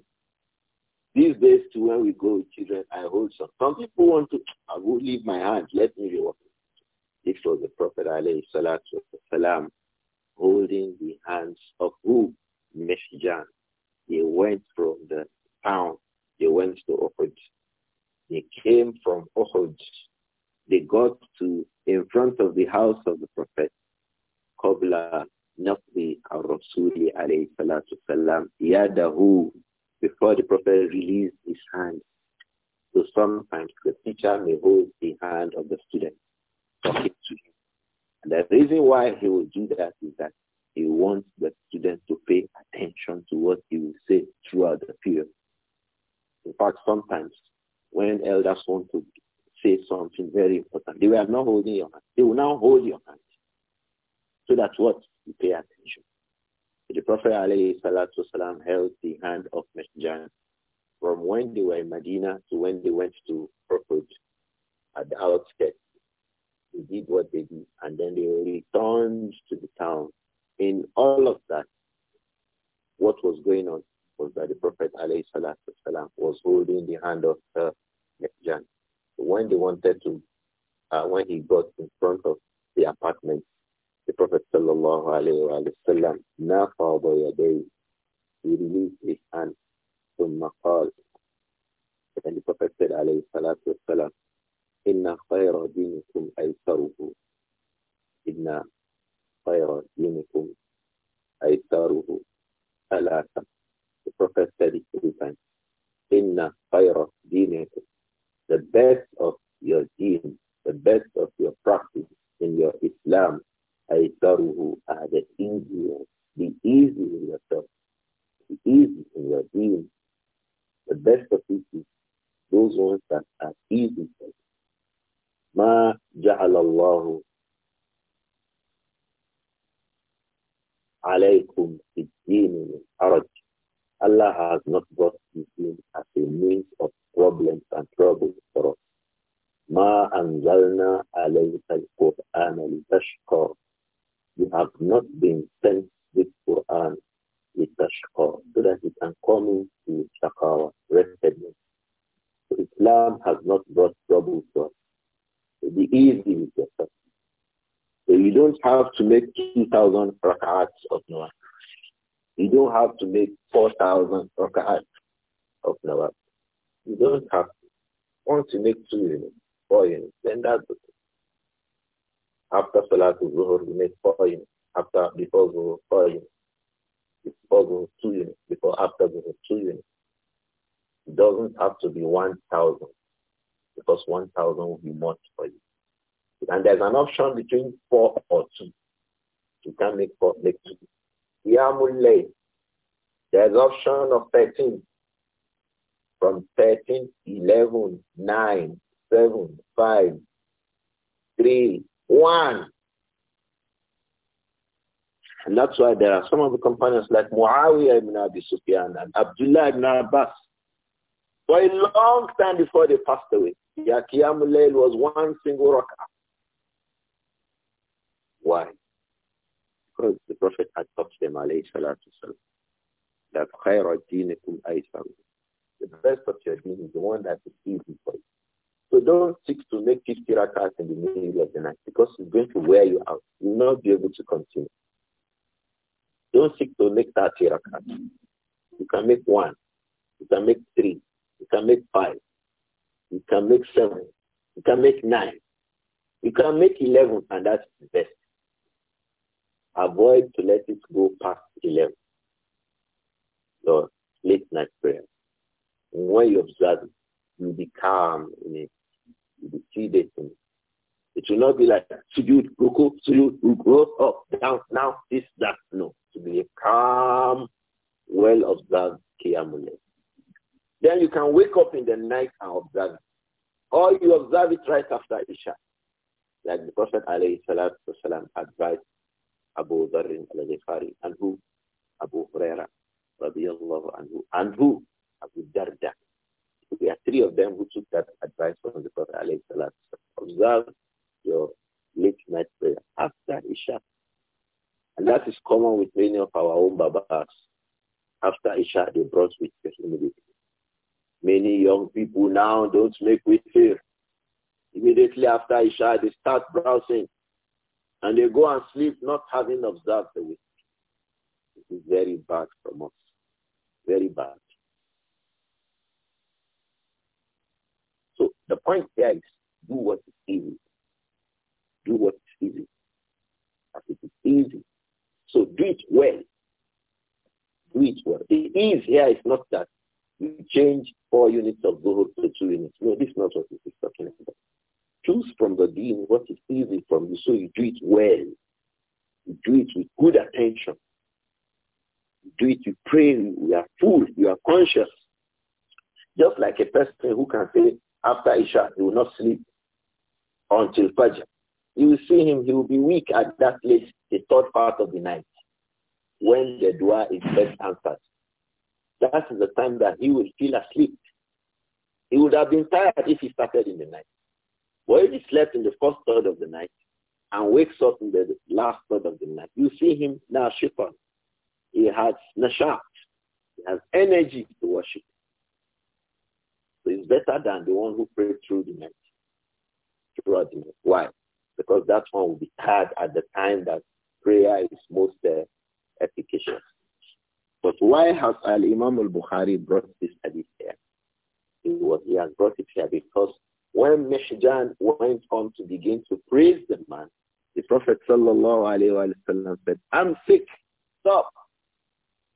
These days too, when we go with children, I hold some. Some people want to, I will leave my hand, let me be working. This was the Prophet alayhi salatu salam holding the hands of who? Meshijan. They went from the town. They went to Uhud. They came from Uhud. They got to in front of the house of the Prophet, Qabla نصب الرسول عليه الصلاة والسلام يده before the Prophet released his hand. So sometimes the teacher may hold the hand of the student, talking to him. And the reason why he will do that is that he wants the student to pay attention to what he will say throughout the period. In fact, sometimes when elders want to say something very important, they were not holding your hand. They will now hold your hand. So that's what? You pay attention. The Prophet والسلام, held the hand of Messenger from when they were in Medina to when they went to Prophet at the outskirts. They did what they did and then they returned to the town. In all of that, what was going on was that the Prophet والسلام, was holding the hand of uh, Messenger. When they wanted to, uh, when he got in front of the apartment, the Prophet sallallahu alayhi wa sallam nafada yadayhi. He released his hand from maqal. And the Prophet said alayhi salatu wa sallam, inna خَيْرَ دِينِكُمْ أَيْسَرُهُ إِنَّ خَيْرَ دِينِكُمْ أَيْسَرُهُ ثَلَاثًا The Prophet said it three times. إِنَّ خَيْرَ دِينِكُمْ The best of your deen, the best of your practice in your Islam أيسره are the be easy in yourself, the easy in your being. The best of it is those ones that are easy for you. ما جعل الله عليكم في الدين من حرج. Allah has not brought this in as a means of problems and troubles for us. ما أنزلنا عليك القرآن لتشكر you have not been sent with Quran with tashqa, so that it can come into shakar restedness. So Islam has not brought trouble to us. the easy is the first. So you don't have to make 2,000 rak'ats of nawafil. You don't have to make 4,000 rak'ats of nawafil. You don't have to. Once you make two units, four units, then that's okay. After Salatul Zuhur, we make four units. After, before Zuhur, four units. Before Zuhur, two units. Before, after Zuhur, two units. It doesn't have to be 1,000 because 1,000 will be much for you. And there's an option between four or two. You can make four, make two. Yamulay. There's option of 13. From 13, 11, 9, 7, 5, 3, one. And that's why there are some of the companions like Muawiyah ibn Abi Sufyan and Abdullah ibn Abbas. For a long time before they passed away, their Layl was one single rak'ah. Why? Because the Prophet had taught them, alayhi salatu that khayra dinikum aysaru. The best of your deen is the one that is easy for you. So don't seek to make 50 rakats in the middle of the night because it's going to wear you out. You will not be able to continue. Don't seek to make 30 rakats. You can make one. You can make three. You can make five. You can make seven. You can make nine. You can make 11 and that's the best. Avoid to let it go past 11. Lord, late night prayer. When you observe it, You'll be calm in it. You'll be seated in it. It will not be like sujud, ruku, sujud, ruku, up, down, now, this, that. No. To be a calm, well observed Qiyamulay. Then you can wake up in the night and observe it. Or you observe it right after Isha. Like the Prophet alayhi advised Abu Dharrin al-Ghifari and who? Abu Huraira radiallahu anhu and who? Abu Darda there are three of them who took that advice from the Prophet alayhi Observe your late night prayer after Isha. And that is common with many of our own babas. After Isha, they brought with the humidity. Many young people now don't make with fear. Immediately after Isha, they start browsing. And they go and sleep not having observed the This It is very bad from us. Very bad. The point there is do what is easy. Do what is easy. As it is easy. So do it well. Do it well. The ease here is not that you change four units of gold to two units. No, this is not what is talking about. Choose from the being what is easy from you so you do it well. You do it with good attention. You do it, you pray, you are full, you are conscious. Just like a person who can say, after Isha, he will not sleep until Fajr. You will see him, he will be weak at that late, the third part of the night, when the dua is best answered. That is the time that he will feel asleep. He would have been tired if he started in the night. But if he slept in the first third of the night and wakes up in the last third of the night, you see him now shifting. He has nashat. He has energy to worship. So it's better than the one who prayed through the night. Throughout the night. Why? Because that one will be tired at the time that prayer is most uh, efficacious. But why has Al-Imam al-Bukhari brought this hadith here? He, was, he has brought it here because when Mihjan went on to begin to praise the man, the Prophet sallallahu said, I'm sick, stop.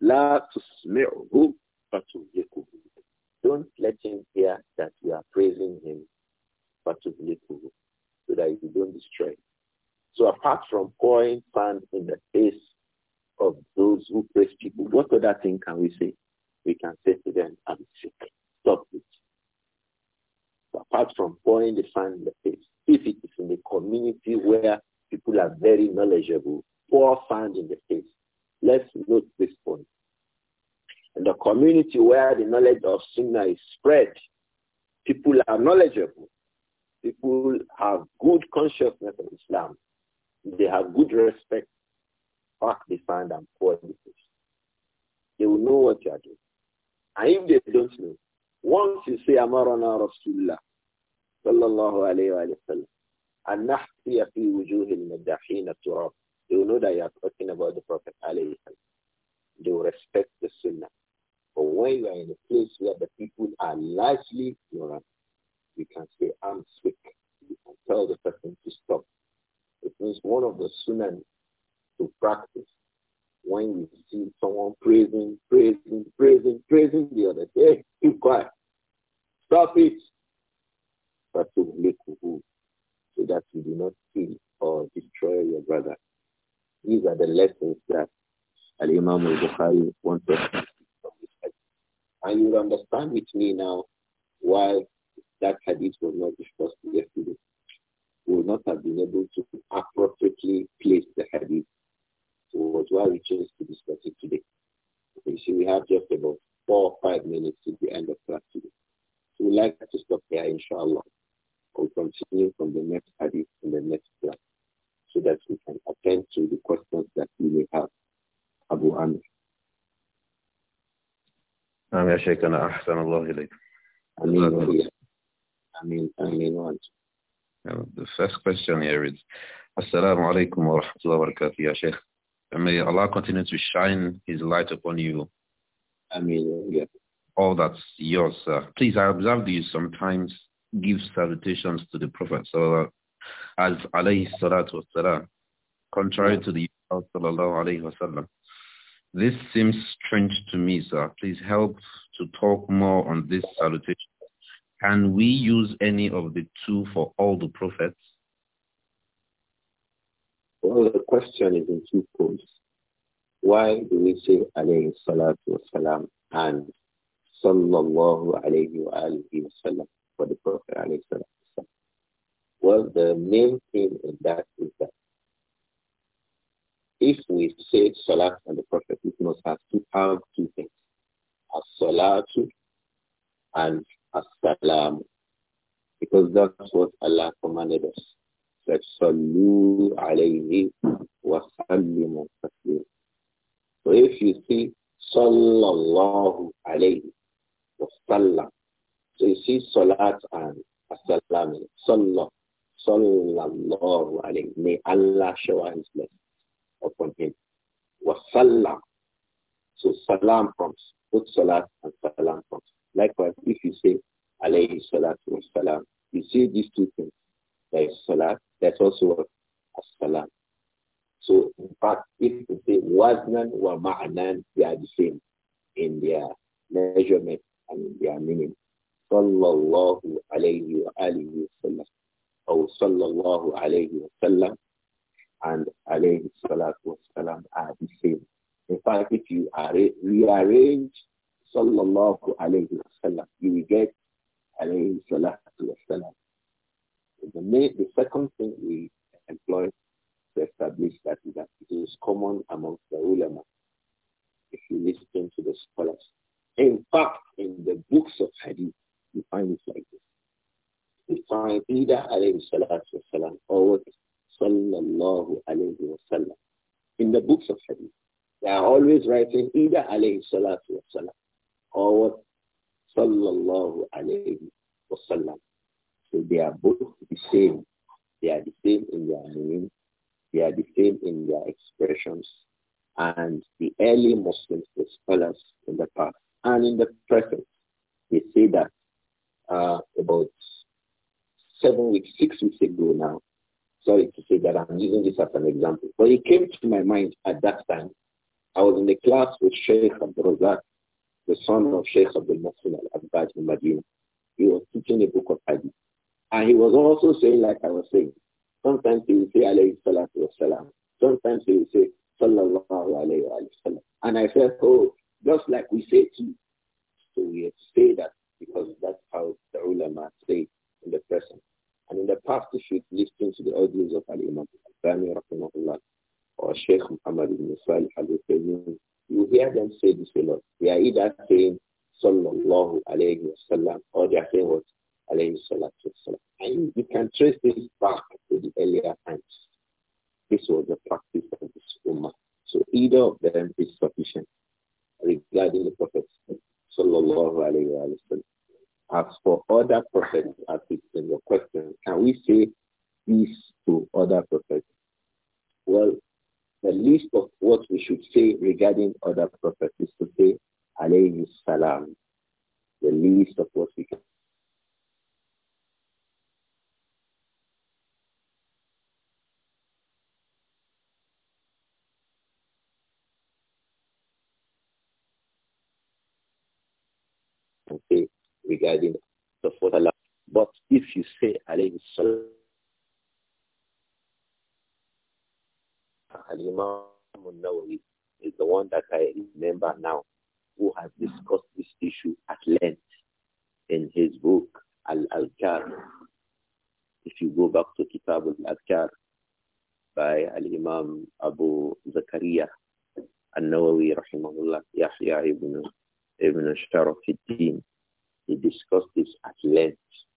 لا تسمعه فتهلكه don't let him hear that you are praising him but to particularly so that you don't destroy. So apart from pouring fun in the face of those who praise people, what other thing can we say? We can say to them, I'm sick. Stop it. So apart from pouring the fun in the face, if it is in a community where people are very knowledgeable, pour fun in the face. Let's note this point. In the community where the knowledge of Sunnah is spread, people are knowledgeable. People have good consciousness of Islam. They have good respect, the defined and coordinated. They will know what you are doing. And if they don't know, once you say Amarana Rasulullah, sallallahu alayhi wa sallam, and nahtiya fi wujuhi turab they will know that you are talking about the Prophet alayhi wa sallam. They will respect the sunnah. But when you are in a place where the people are largely ignorant, you can say, I'm sick. You can tell the person to stop. It means one of the sunan to practice when you see someone praising, praising, praising, praising the other. Hey, keep quiet. Stop it. But to make so that you do not kill or destroy your brother. These are the lessons that Al-Imam al-Bukhari wants us and you will understand with me now why that hadith was not discussed yesterday. We would not have been able to appropriately place the hadith. So it why we chose to discuss it today. You see, we have just about four or five minutes to the end of class today. So we'd like to stop here, inshallah. We'll continue from the next hadith in the next class so that we can attend to the questions that you may have. Abu Amr. نعم يا شيخنا أحسن الله إليك أمين أمين أمين The first question here is Assalamu alaikum wa rahmatullahi wa barakatuh ya May Allah continue to shine His light upon you Ameen yeah. All that's yours sir. Please I observe you sometimes give salutations to the Prophet so, as alayhi salatu wasalam contrary yeah. to the Prophet sallallahu alayhi wasallam this seems strange to me, sir. Please help to talk more on this salutation. Can we use any of the two for all the prophets? Well, the question is in two parts. Why do we say alayhi salatu wasalam and sallallahu alayhi wa for the Prophet alayhi salatu wasalam? Well, the main thing in that is that if we say salat and the Prophet, it must have two, have two things. As-salatu and as-salam. Because that's what Allah commanded us. That salu alayhi wa sallimu taslim. So if you see sallallahu alayhi wa sallam, so you see salat and as-salam. Sallallahu, alayhi. May Allah shower his blessing upon him. salam. So salam comes. Both salat and salam comes. Likewise, if you say alayhi salat wa salam, you see these two things. There is salat, there's also a salam. So in fact, if you say waznan wa ma'nan, they are the same in their measurement and in their meaning. Sallallahu alayhi wa alayhi wa sallam. Or sallallahu alayhi wa sallam and alayhi salatu wasalam are the same. In fact, if you rearrange sallallahu alayhi wasallam, you will get alayhi salatu wasalam. The, the second thing we employ to establish that is that it is common amongst the ulama if you listen to the scholars. In fact, in the books of hadith, you find it like this. You find either alayhi salatu wasalam or sallallahu alayhi wa sallam. In the books of hadith, they are always writing either alayhi salatu wa sallam or sallallahu alayhi wa sallam. So they are both the same. They are the same in their meaning. They are the same in their expressions. And the early Muslims came to my mind at that time, I was in the class with Sheikh Abdul the son of Sheikh Abdul Muslim al-Abbad in Madinah. He was teaching a book of hadith. And he was also saying, like I was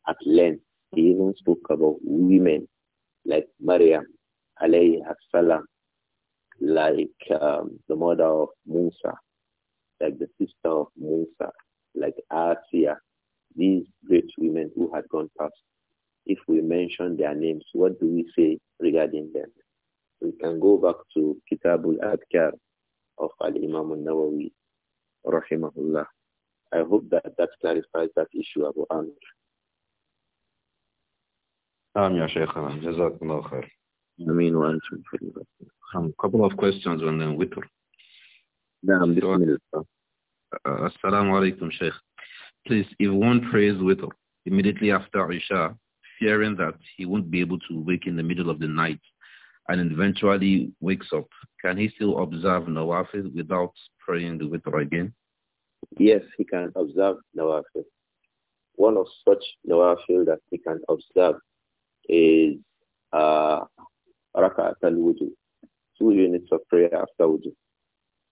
at length. He even spoke about women like Maryam, alayhi salam, like um, the mother of Musa, like the sister of Musa, like Asiya, these great women who had gone past. If we mention their names, what do we say regarding them? We can go back to Bull Adkar of Al-Imam al-Nawawi, rahimahullah. I hope that that clarifies that issue, Abu Amr. Um, Ya Shaykhana. Jazakumullah khair. Ameen wa couple of questions on the witr. Naam, bismillah. Uh, Assalamu alaikum, Shaykh. Please, if one prays witr immediately after Isha, fearing that he won't be able to wake in the middle of the night and eventually wakes up, can he still observe Nawafil without praying the witr again? Yes, he can observe Nawafil. One of such Nawafil that he can observe is uh, rakat al-wudu, two units of prayer after wudu.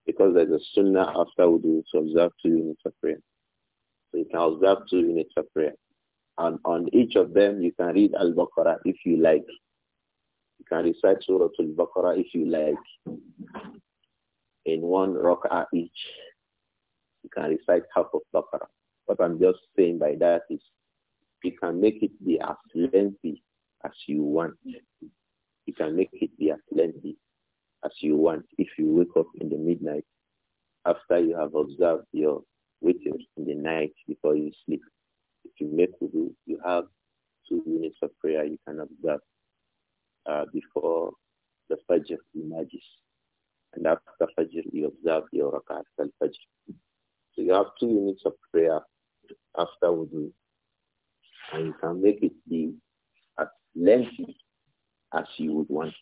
Because there's a sunnah after wudu to observe two units of prayer. So you can observe two units of prayer. And on each of them, you can read Al-Baqarah if you like. You can recite Surah Al-Baqarah if you like. In one rak'ah each, you can recite half of Baqarah. What I'm just saying by that is you can make it be as lengthy as you want. You can make it be as lengthy as you want. If you wake up in the midnight after you have observed your waiting in the night before you sleep, if you make wudu, you have two minutes of prayer you can observe uh, before the Fajr emerges. And after Fajr, you observe your Rakat al-Fajr. So you have two minutes of prayer after wudu. And you can make it be lengthy as you would want.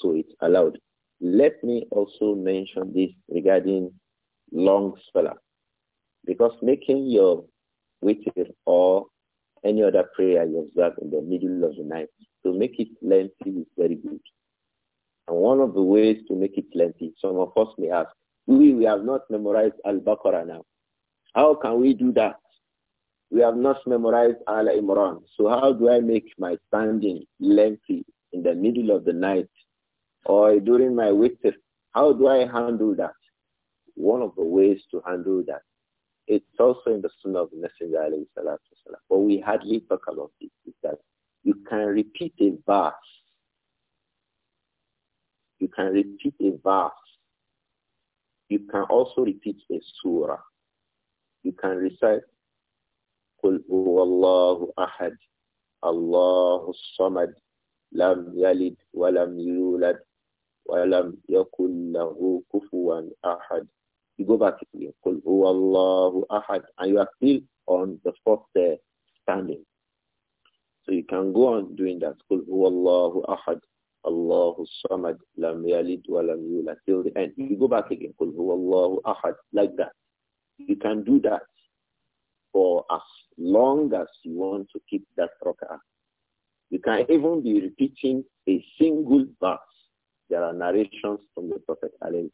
So it's allowed. Let me also mention this regarding long salah. Because making your witr or any other prayer you observe in the middle of the night to make it lengthy is very good. And one of the ways to make it lengthy, some of us may ask, we, we have not memorized Al-Baqarah now. How can we do that? We have not memorized Al Imran. So how do I make my standing lengthy in the middle of the night or during my witr? How do I handle that? One of the ways to handle that. It's also in the Sunnah of the Messenger alayhi But we hardly talk about is that you can repeat a verse. You can repeat a verse. You can also repeat a surah. You can recite قل هو الله أحد الله الصمد لم يلد ولم يولد ولم يكن له كفوا أحد You go back again. قل هو الله أحد and you are still on the fourth uh, standing. So you can go on doing that. قل هو الله أحد الله الصمد لم يلد ولم يولد till the end. You go back again. قل هو الله أحد like that. You can do that for as long as you want to keep that rak'ah. You can even be repeating a single verse. There are narrations from the Prophet alayhi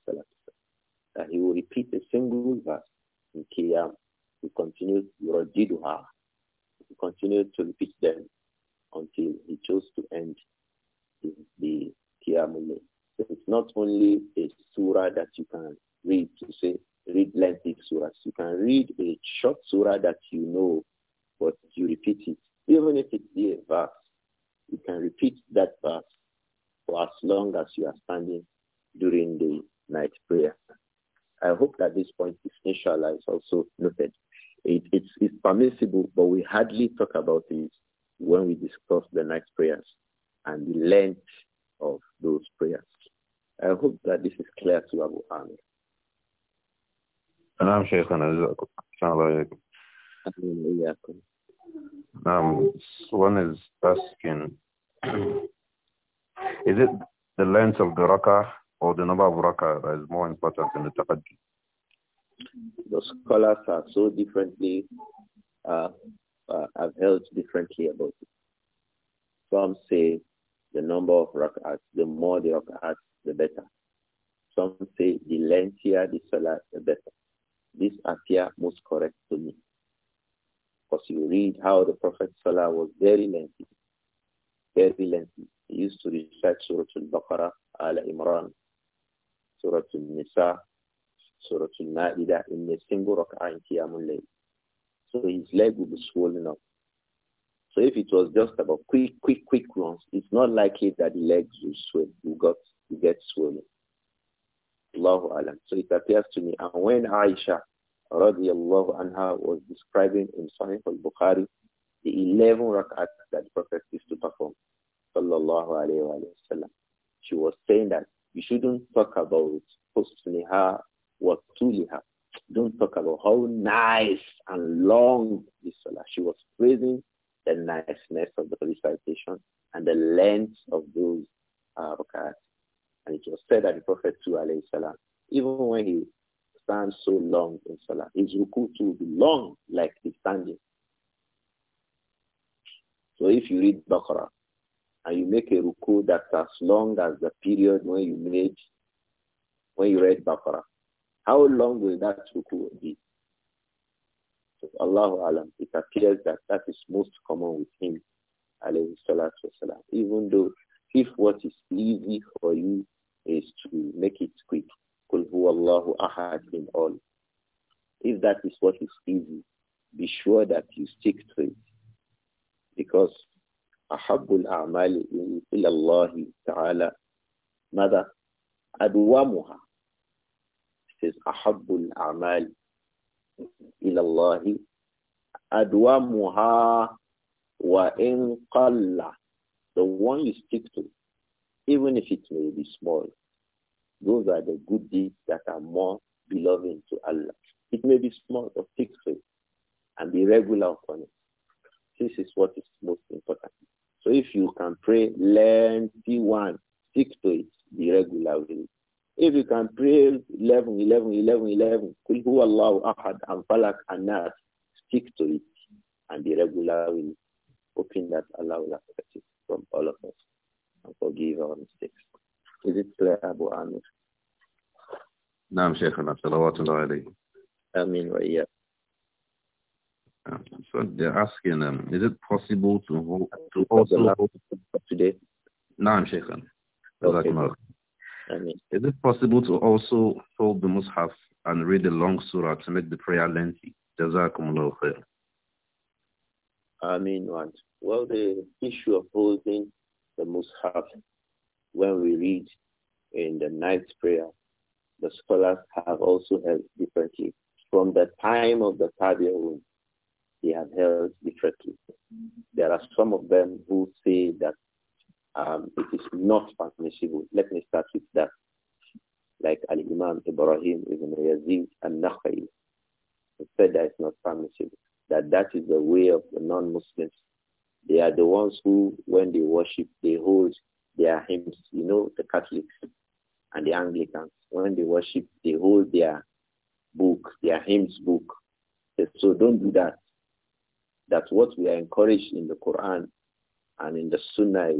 that he will repeat a single verse in Qiyam. He continued, Yurajiduha. He continued to repeat them until he chose to end the, the Qiyamul. So it's not only a surah that you can read to say, read lengthy surahs. You can read a short surah that you know, but you repeat it. Even if it's a verse, you can repeat that verse for as long as you are standing during the night prayer. I hope that this point is inshallah also noted. It, it's, it's permissible, but we hardly talk about it when we discuss the night prayers and the length of those prayers. I hope that this is clear to Abu Amir. نعم شيخنا جزاكم أحسن الله إليكم Um, one is asking, is it the length of the rakah or the number of rakah that is more important in the tahajjud? The scholars are so differently, uh, uh, have held differently about it. Some say the number of rakahs, the more the rakahs, the better. Some say the lengthier the salah, the better. This appear most correct to me. Because you read how the Prophet Salah was very lengthy, very lengthy. He used to recite Surah Al-Baqarah, Al-Imran, Surah Al-Nisa, Surah Al-Na'idah in a single rak'ah in Qiyamul Layl. So his leg would be swollen up. So if it was just about quick, quick, quick runs, it's not likely that the legs will swell, will got, will get swollen. Allahu alam. So it appears to me. And when Aisha radiallahu anha was describing in Sahih al-Bukhari the 11 rak'at that the Prophet used to perform, sallallahu alayhi wa sallam, she was saying that you shouldn't talk about husniha wa tuliha. Don't talk about how nice and long this salah. She was praising the niceness of the recitation and the length of those uh, rak'at. And it was said that the Prophet too, alayhi salam, even when he stands so long in salah, his ruku too will be long like the standing. So if you read Baqarah and you make a ruku that's as long as the period when you made, when you read Baqarah, how long will that ruku be? So Allahu Alam, it appears that that is most common with him, alayhi salatu wasalam, even though if what is easy for you is to make it quick, Kul Allahu ahad in all. If that is what is easy, be sure that you stick to it. Because أحب الأعمال إلى الله تعالى ماذا؟ أدومها says أحب الأعمال إلى الله أدومها وإن قل the one you stick to, even if it may be small, those are the good deeds that are more beloved to Allah. It may be small, but stick to it and be regular upon it. This is what is most important. So if you can pray, learn, be one, stick to it, be regular with it. If you can pray 11, 11, 11, 11, Kul hu ahad and falak and stick to it and be regular with it, hoping that Allah will accept it from all of us and forgive our mistakes. Is it clear, Abu Amir? نعم شيخنا صلوات الله Amin آمين وإياك. So they're asking, um, is it possible to hold, to also hold today? نعم شيخنا. Okay. Is it possible to also hold the mushaf and read the long surah to make the prayer lengthy? جزاكم الله Amin آمين وأنتم. Well, the issue of holding the Mus'haf when we read in the night prayer, the scholars have also held differently. From the time of the Tabi'un, they have held differently. There are some of them who say that um, it is not permissible. Let me start with that. Like Al-Imam Ibrahim Ibn Yazid and nakhai said that it's not permissible, that that is the way of the non-Muslims they are the ones who, when they worship, they hold their hymns. You know, the Catholics and the Anglicans, when they worship, they hold their book, their hymns book. So don't do that. That's what we are encouraged in the Quran and in the Sunnah.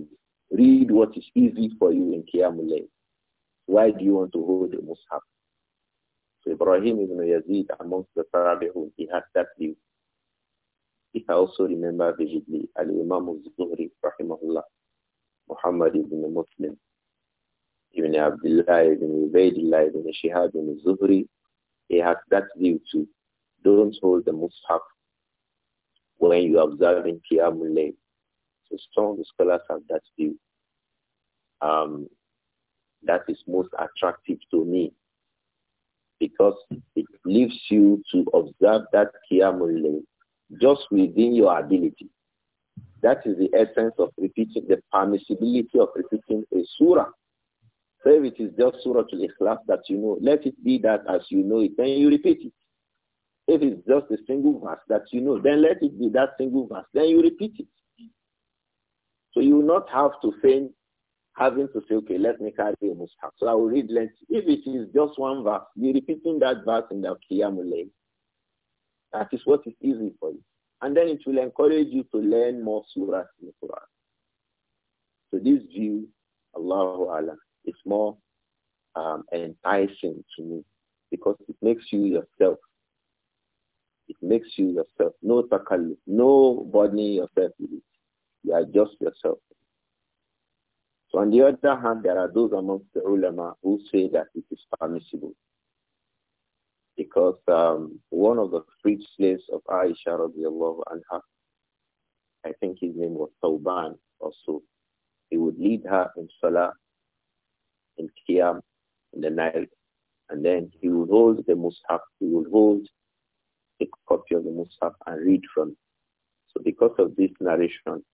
Read what is easy for you in Qiyamulay. Why do you want to hold a mushaf? So Ibrahim ibn Yazid amongst the Tarabihun, he had that view. If I also remember vividly, Al-Imam al-Zuhri, rahimahullah, Muhammad ibn Muslim, ibn Abdullah ibn Ubaidillah ibn Shihab ibn Zuhri, he has that view too. Don't hold the mushaf when you are observing Qiyamul Layl. So strong the scholars have that view. Um, that is most attractive to me because it leaves you to observe that Qiyamul Layl just within your ability. That is the essence of repeating, the permissibility of repeating a surah. So if it is just surah to ikhlas that you know, let it be that as you know it, then you repeat it. If it's just a single verse that you know, then let it be that single verse, then you repeat it. So you will not have to feign having to say, okay, let me carry a mushaf. So I will read length. If it is just one verse, you're repeating that verse in the Qiyamul that is what is easy for you. And then it will encourage you to learn more surahs in the Quran. So this view, Allahu Alam, is more um, enticing to me because it makes you yourself. It makes you yourself. No takalluf, no burdening yourself with it. You are just yourself. So on the other hand, there are those amongst the ulama who say that it is permissible because um, one of the freed slaves of Aisha radiallahu anha, I think his name was Tauban also, he would lead her in Salah, in Qiyam, in the night, and then he would hold the Mus'haf, he would hold a copy of the Mus'haf and read from it. So because of this narration,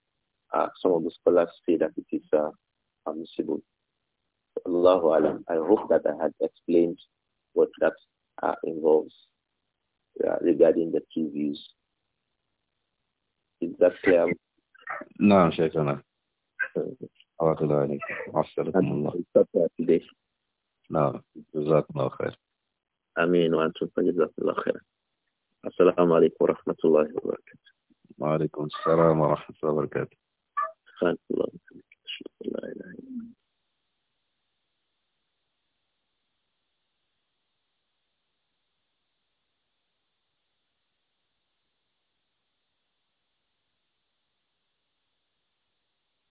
uh, some of the scholars say that it is uh, permissible. Allahu Alam, I hope that I had explained what that are involved uh, regarding the two views. Is that clear? No, Shaykhana. Today. No, Jazakallah khair. Ameen wa antum jazakallah khair. Assalamu alaikum wa rahmatullahi wa barakatuh. Wa alaikum assalam wa rahmatullahi wa barakatuh.